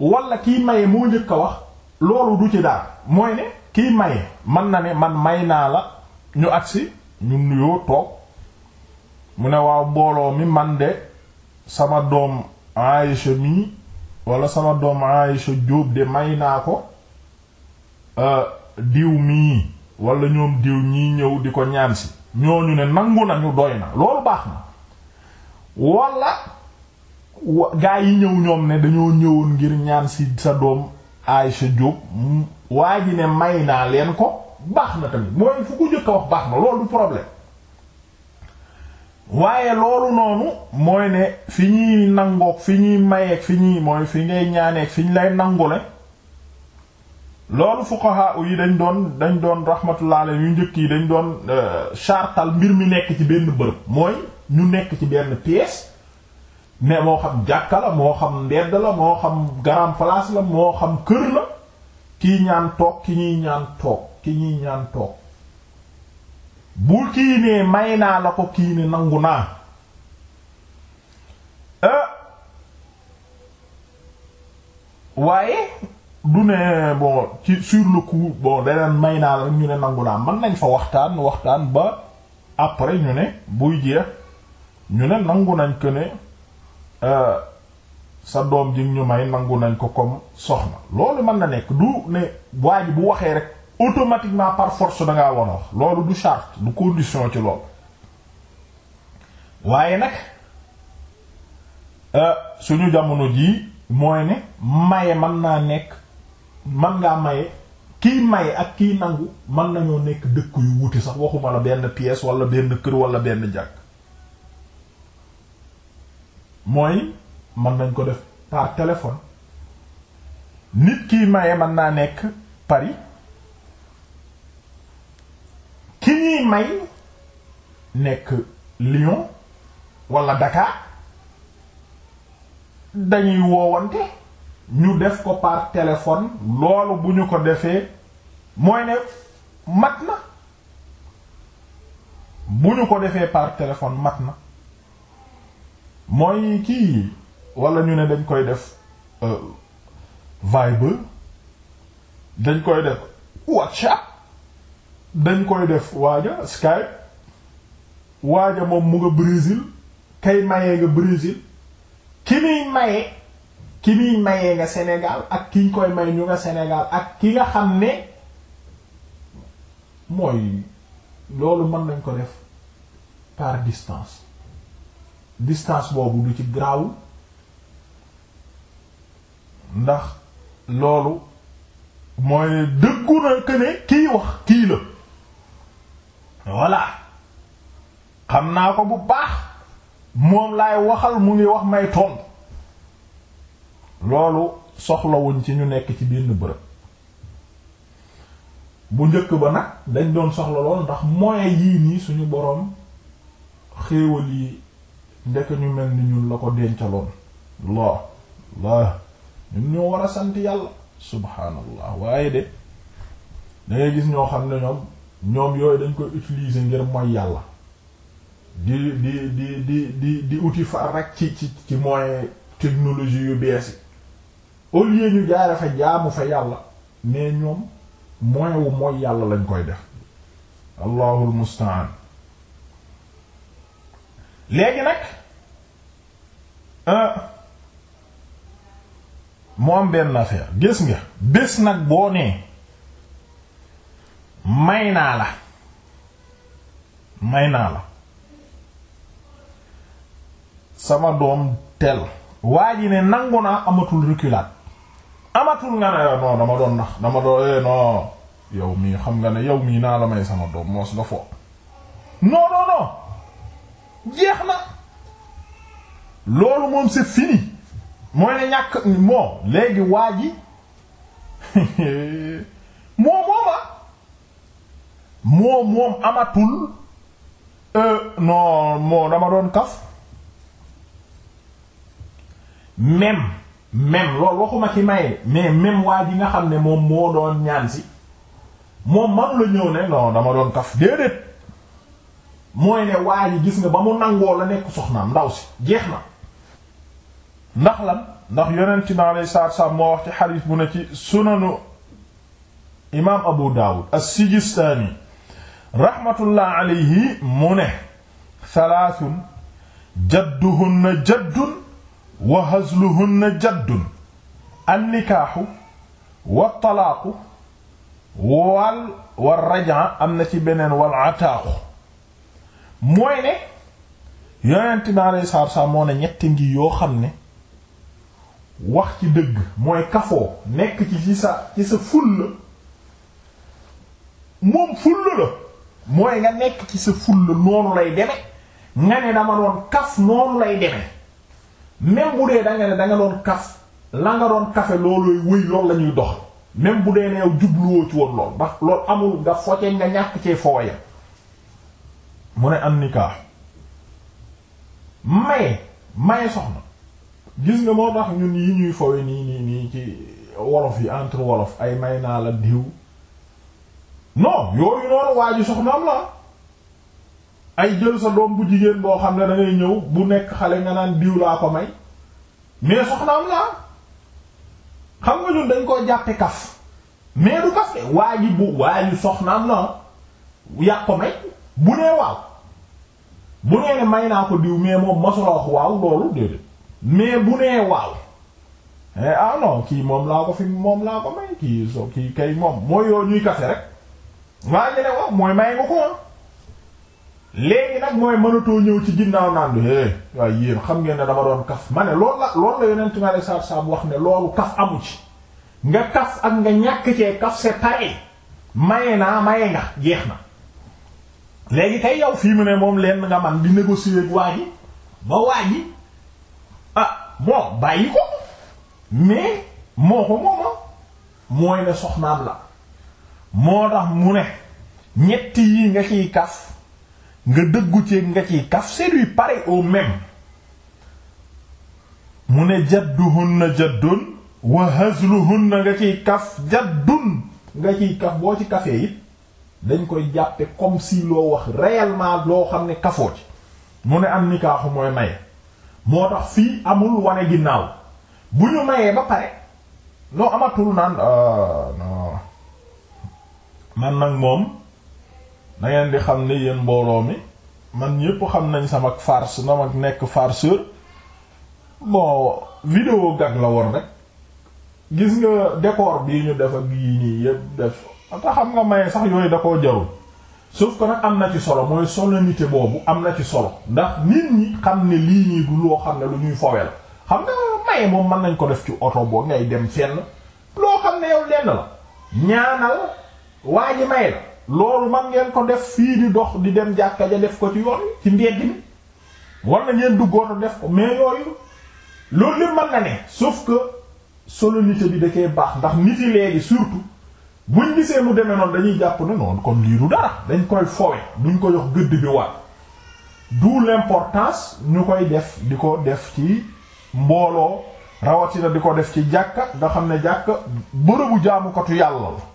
wala kiy maye moo njëkk a wax loolu du ci daal mooy ne kiy maye mën na ne man may naa la ñu agsi ñu nuyoo toog mu ne waaw booloo mi man de sama doom Aïcha mii wala sama doom Aïcha Jóob de may naa ko euh, diw mii wala ñoom diw ñii ñëw di ko ñaan si ñooñu ne nangu nañu doy na loolu baax na wala gaa yi ñëw ñoom ne dañoo ñëwoon ngir ñaan si sa doom Aïcha Jóob waa ji ne may naa leen ko baax na tamit mooy fu ko jëkk wax baax na loolu du problème waaye loolu noonu mooy ne fi ñuy nangook fi ñuy mayeek fi ñuy mooy fi ngay ñaaneek fi ñu lay nangule loolu fuqaha yi dañ doon dañ doon rahmatullah alayhi yu njëkk yi dañ doon euh, chartal mbir mi nekk ci benn bërëb mooy ñu nekk ci benn pièce mais moo xam jàkka la moo xam ndedd la moo xam garam place la moo xam kër la kii ñaan toog ki ñuy ñaan toog ki ñuy ñaan toog bu kii nee may naa la ko kii ne nangu naa ah. waaye du ne bon ci sur le coup bon deneen may naa la ñu ne nangu naa mën nañ fa waxtaan waxtaan ba après ñu ne buy jeex ñu ne nangu nañ ko ne ah, sa doom ji ñu may nangu nañ ko comme soxna loolu mën na nekk du ne waa bu waxee rek automatiquement par force dangaa war a wax loolu du charte du condition ci loolu waaye nag euh, suñu jamono jii mooy ne maye mën naa nekk man ngaa maye kiy maye ak kiy nangu mën nañoo nekk dëkk yu wuti sax waxuma la benn pièce wala benn kër wala benn jàkk mooy mën nañ ko def par téléphone nit kiy maye mën naa nekk Paris ki ñuy may nekk Lyon walla Dakar dañuy woowante ñu def ko par téléphone loolu bu ñu ko defee mooy ne mat na bu ñu ko defee par téléphone mat na mooy kii walla ñu ne dañ koy def euh, Viber dañ koy def WhatsApp dañ koy def waaja Skype waaja moom mu nga Brésil kay mayee nga Brésil ki muy maye ki muy mayee nga Sénégal ak ki ñu koy may ñu nga Sénégal ak ki nga xam ne mooy loolu mën nañ ko def par distance distance boobu du ci garaawul ndax loolu mooy dëggu na que ne wax kii la voilà xam naa ko bu baax moom laay waxal mu ngi wax may tontu loolu soxlawuñ ci ñu nekk ci benn bërëb bu njëkk ba nag dañ doon soxla lool ndax moyens yii nii suñu boroom xéewal yi ndekk ñu mel ni ñun la ko dencaloon loo la ñun ñoo war a sant yàlla subhaanallah waaye de dangay gis ñoo xam ne ñoom ñoom yooyu dañ koy utiliser ngir mooy yàlla di di di di di di uti fa rek ci ci ci mooy technologie yu bees yi au ñu jaare fa jaamu fa yàlla mais ñoom moyen wu mooy yàlla lañ koy def allahul mustaan léegi nag euh, mu am benn affaire gis nga bés nag boo nee may naa la may naa la sama doom tel waa ji ne nangu naa amatul reculade amatul nga ne eh, non dama doon nax eh, yow mii xam nga ne yow mii naa la sama doom moos nga jeex na loolu moom c'est fini mooy ne ñàkk moo léegi waa ji moo mooma moom moom amatul euh, non moo dama doon kaf même même loolu waxuma ci maye mais même waa ji nga xam ne moom moo doon ñaan si moom man la ñëw ne non dama doon kaf déedéet mooy ne waa ji gis nga ba mu nangoo la nekk soxnaam ndaw si jeex na ndax lan ndax yonent ci naa lay saar moo wax ci xadiis bu ne ci sunanu imaam Abu Dawud as-Sijistani rahmatullah alayhi mu ne salaasun jadduhunna jaddun wa hazluhunna jaddun annikaaxu wa talaaqu wal wa rajaa am na ci beneen wal ataaxu mooy ne moo ne ñett ngi yoo xam ne wax ci dëgg mooy kafoo nekk ci ci sa ci sa fulla moom fulla la mooy nga nekk ci sa fulla noonu lay deme nga ne dama doon kaf noonu lay deme même bu dee da nga ne da doon kaf la nga doon kafe loolooy wëy loolu la ñuy dox même bu dee neew jubluwoo ci woon lool ndax loolu amul nga foce nga ñàkk cee fooya mu ne am nikaa maye maye soxna gis nga moo tax ñun yi ñuy fowe nii nii nii ci wolof yi entre wolof ay may naa la diw non yooyu noonu waa ji soxnaam la ay jël sa doom bu jigéen boo xam ne da ñëw bu nekk xale nga naan diw laa ko may mais soxnaam la xam nga ñun dañ koo jàppe kaf mais du kaf de waa ji bu waa ji soxnaam na yàq ko may bu nee waaw bu nee ne may naa ko diw mais moom masula wax waaw loolu déedéet mais bu nee waaw eh, ah non kii moom laa ko fi moom laa ko may kii so kii kay moom mooy yoo ñuy kase rek waa ji ne ko mooy may nga ko woon léegi nag mooy mënatoo ñëw ci ginnaaw naan bi eh, waaye yéen xam ngeen ne dama doon kaf ma ne loolu la loolu la yonent mi alei satu wax ne loolu kaf amu ci nga kaf ak nga ñàkk cee kaf c'est pareil maye naa maye nga jeex na léegi tey yow fii mu ne moom leen nga man di négocier ak waa ba waa ji ah bon bàyyi ko mais moo ko mooma mooy ne soxnaam la moo tax mu ne ñetti yi nga ciy kas nga dëggu ci nga ciy kas c'est lui pareil au même mu ne jadduhunna jaddun wa na nga ciy kaf jaddun nga ciy kaf boo ci kafee yi dañ koy jàppe comme si loo wax réellement loo xam ne kafoo ci mu ne am nikaaxu mooy maye moo tax fii amul wane ginnaaw bu ñu mayee ba pare loo amatul naan ah, man nag moom na ngeen di xam ne yéen mbooloo mi man ñépp xam nañ sama farce na mag nekk farceur bon vidéo gag la woon rek gis nga décor bii ñu def ak yii nii yépp def te xam nga maye sax yooyu da koo jarul sauf que nag am na ci solo mooy solennité boobu am na ci solo ndax nit ñi xam ne lii nii du loo xam ne lu ñuy fowel xam nga maye moom mën nañ ko def ci oto boobu ngay dem fenn loo xam ne yow lenn la ñaanal waa ji may la loolu man ngeen ko def fii di dox di dem jàkka ja def ko ci yoon ci mbedd mi war na ngeen duggoon def ko mais yooyu loolu lépp mën na ne sauf que solennité bi da koy baax ndax nit yi léegi surtout buñ gisee mu demee noonu dañuy jàpp ne noonu kon lii du dara dañ koy fowe duñ ko jox gëdd bi waat d'où l'importance ñu koy def di ko def ci mbooloo rawatina di ko def ci jàkka nga xam ne jàkka bërëbu jaamukatu yàlla la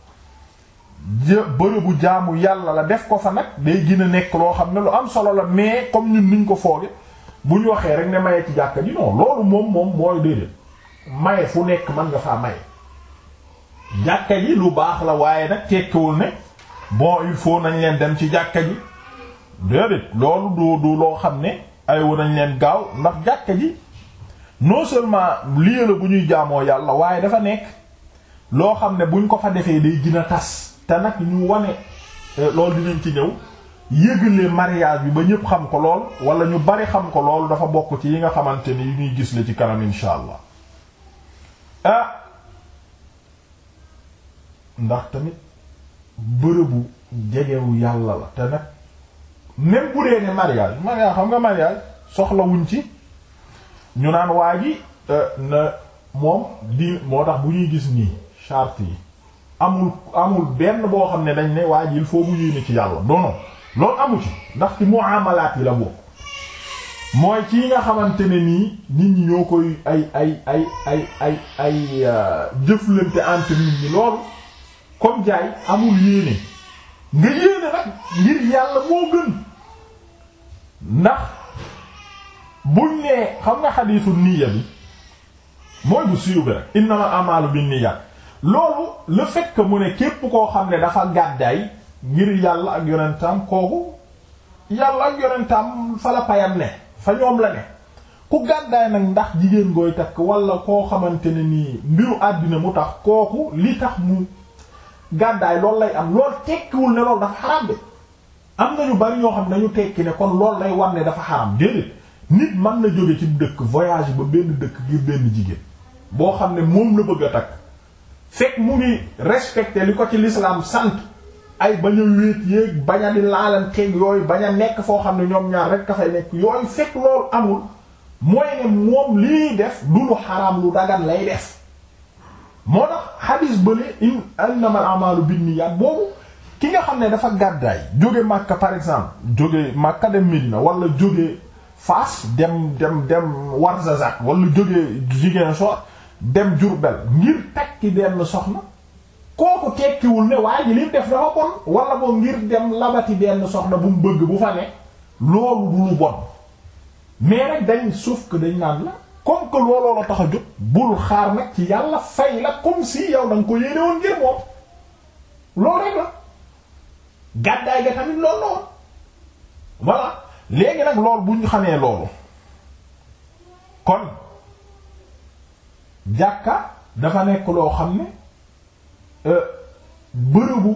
bërëbu jaamu yàlla la def ko fa nag day gën a nekk loo xam ne lu am solo la mais comme ñun niñ ko fooge bu ñu waxee rek ne maye ci jàkka ji non loolu moom moom mooy déedéet maye fu nekk mën nga faa maye jàkka lu baax la waaye nag tekkiwul ne bon il faut nañ leen dem ci jàkka ji déedéet loolu du du loo xam ne ay wo nañ leen gaaw ndax jàkka ji non seulement lieu la bu ñuy jaamoo yàlla waaye dafa nekk loo xam ne buñ ko fa defee day gën a tas te nag ñu wane euh, lool dinañ ci ñëw yëgle mariage bi ba ñëpp xam ko lool wala ñu bari xam ko loolu dafa bokk ci yi nga xamante ni yu ñuy gis la ci kanam insha allah ah ndax tamit bërëbu jegewu yàlla la te nag même bu dee ne mariage mariage xam nga mariage soxlawuñ ci ñu naan waa ji euh, na moom di moo tax bu ñuy gis nii charte yi amul amul benn boo xam ne dañ ne waa ji il ci yàlla non non loolu amu ci ndax ci muamalaat yi la bokk mooy ci nga xamante ne nii nit ñi ñoo koy ay ay ay ay ay ay euh, jëflante entre nit ñi loolu comme jaay amul yéene nga yéene nag ngir yàlla moo gën ndax buñ nee xam nga xadiisu niya bi mooy bu siiw bi rek innama amalu bin niyyat loolu le fait mu ne képp koo xam ne dafa gàddaay ngir yàlla ak yonentam kooku yàlla ak yonentam fa la payam ne fa ñoom la ne ku gàddaay nag ndax jigéen gooy takk wala koo xamante ne nii mbiru àddina mu tax kooku li tax mu gàddaay loolu lay am lool tekkiwul ne loolu dafa xaram de am na ñu bari ñoo xam ne dañu tekki ne kon loolu lay war ne dafa xaram déedéet nit mën na jóge ci dëkk voyage ba benn dëkk ngir benn jigéen boo xam ne moom la bëgg a takk fekk mu ngi respecté li ko ci l'islam sant ay bañ a wéet yéeg bañ a di laalanteeg yooyu bañ a nekk foo xam ne ñoom ñaar rek ka fay nekk yooyu fekk loolu amul mooy ne moom lii def du lu xaraam lu dagan lay def moo tax xadis bële in innamal a'malu binniyat boobu ki nga xam ne dafa gàddaay jóge Makka par exemple jóge Makka dem Medina wala jóge Fass dem dem dem Ouarzazate wala jóge Ziguinchor dem Jurbel ngir takki benn soxna kooku tekkiwul ne waa ji def dafa bon wala boo ngir dem labati benn soxna bu mu bëgg bu fa ne loolu du lu bon mais rek dañ suuf que dañ naan la comme que looloo tax a jóg bul xaar nag ci yàlla fay la comme si yow da ko yéene woon ngir moom loolu rek la gàddaay ga tamit loolu lool voilà léegi nag loolu bu ñu xamee loolu kon. jàkka dafa nekk loo xam ne euh, bërëbu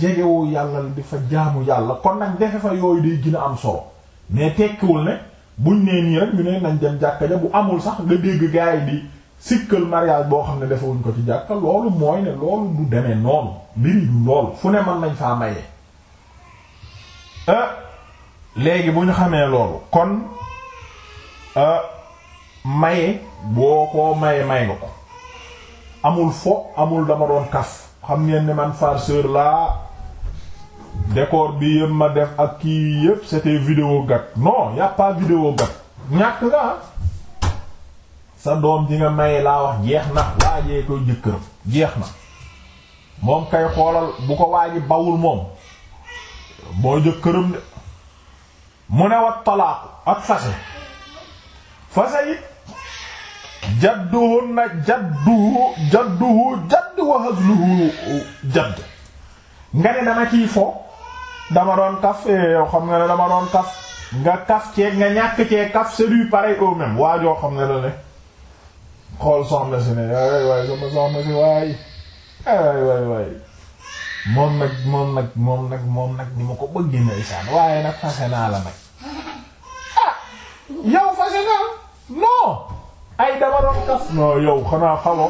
jegewu yàlla la di fa jaamu yàlla kon nag defe fa yooyu day gën a am solo mais tekkiwul ne buñ nee nii rek ñu ne nañ dem jàkka ja bu amul sax nga dégg gaa bi di sikkal mariage boo xam ne defawuñ ko ci jàkka loolu mooy ne loolu du demee noonu mbiri du loolu fu ne mën nañ faa mayee euh, léegi bu ñu xamee loolu kon euh, maye boo koo maye may nga ko amul fo amul dama doon kaf xam ngeen ni man farceur laa dekoor bi yëpp ma def ak kii yëpp c'était vidéo gag non y a pas ñàkk nga ah. sa doom ji nga maye laa wax jeex na waajee koy jëkkëram jeex na moom kay xoolal bu ko waaji bawul moom boo jëkkëram de mu ne wat talaaku ak fase fase it jadduhunna jadduhu jadduhu jadd wa hazluhu jadd nga ne dama ciy fo dama doon kaf eh, yow xam nga ne dama doon kaf nga kaf ceeg nga ñàkk ceeg kaf c'est du pareil au même waa joo xam ne la ne si ne moom nag moom nag moom nag moom nag ni ma ko bëgg ndeysaan waaye nag fase naa la nag ah, yow fase naa ay dama yow xanaa xalo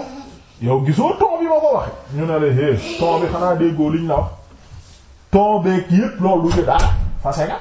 yow gisoo ton bi ma ko waxe ñu ne le hé ton bi xanaa déggoo liñ la wax ton beeg loolu lu daal fase nga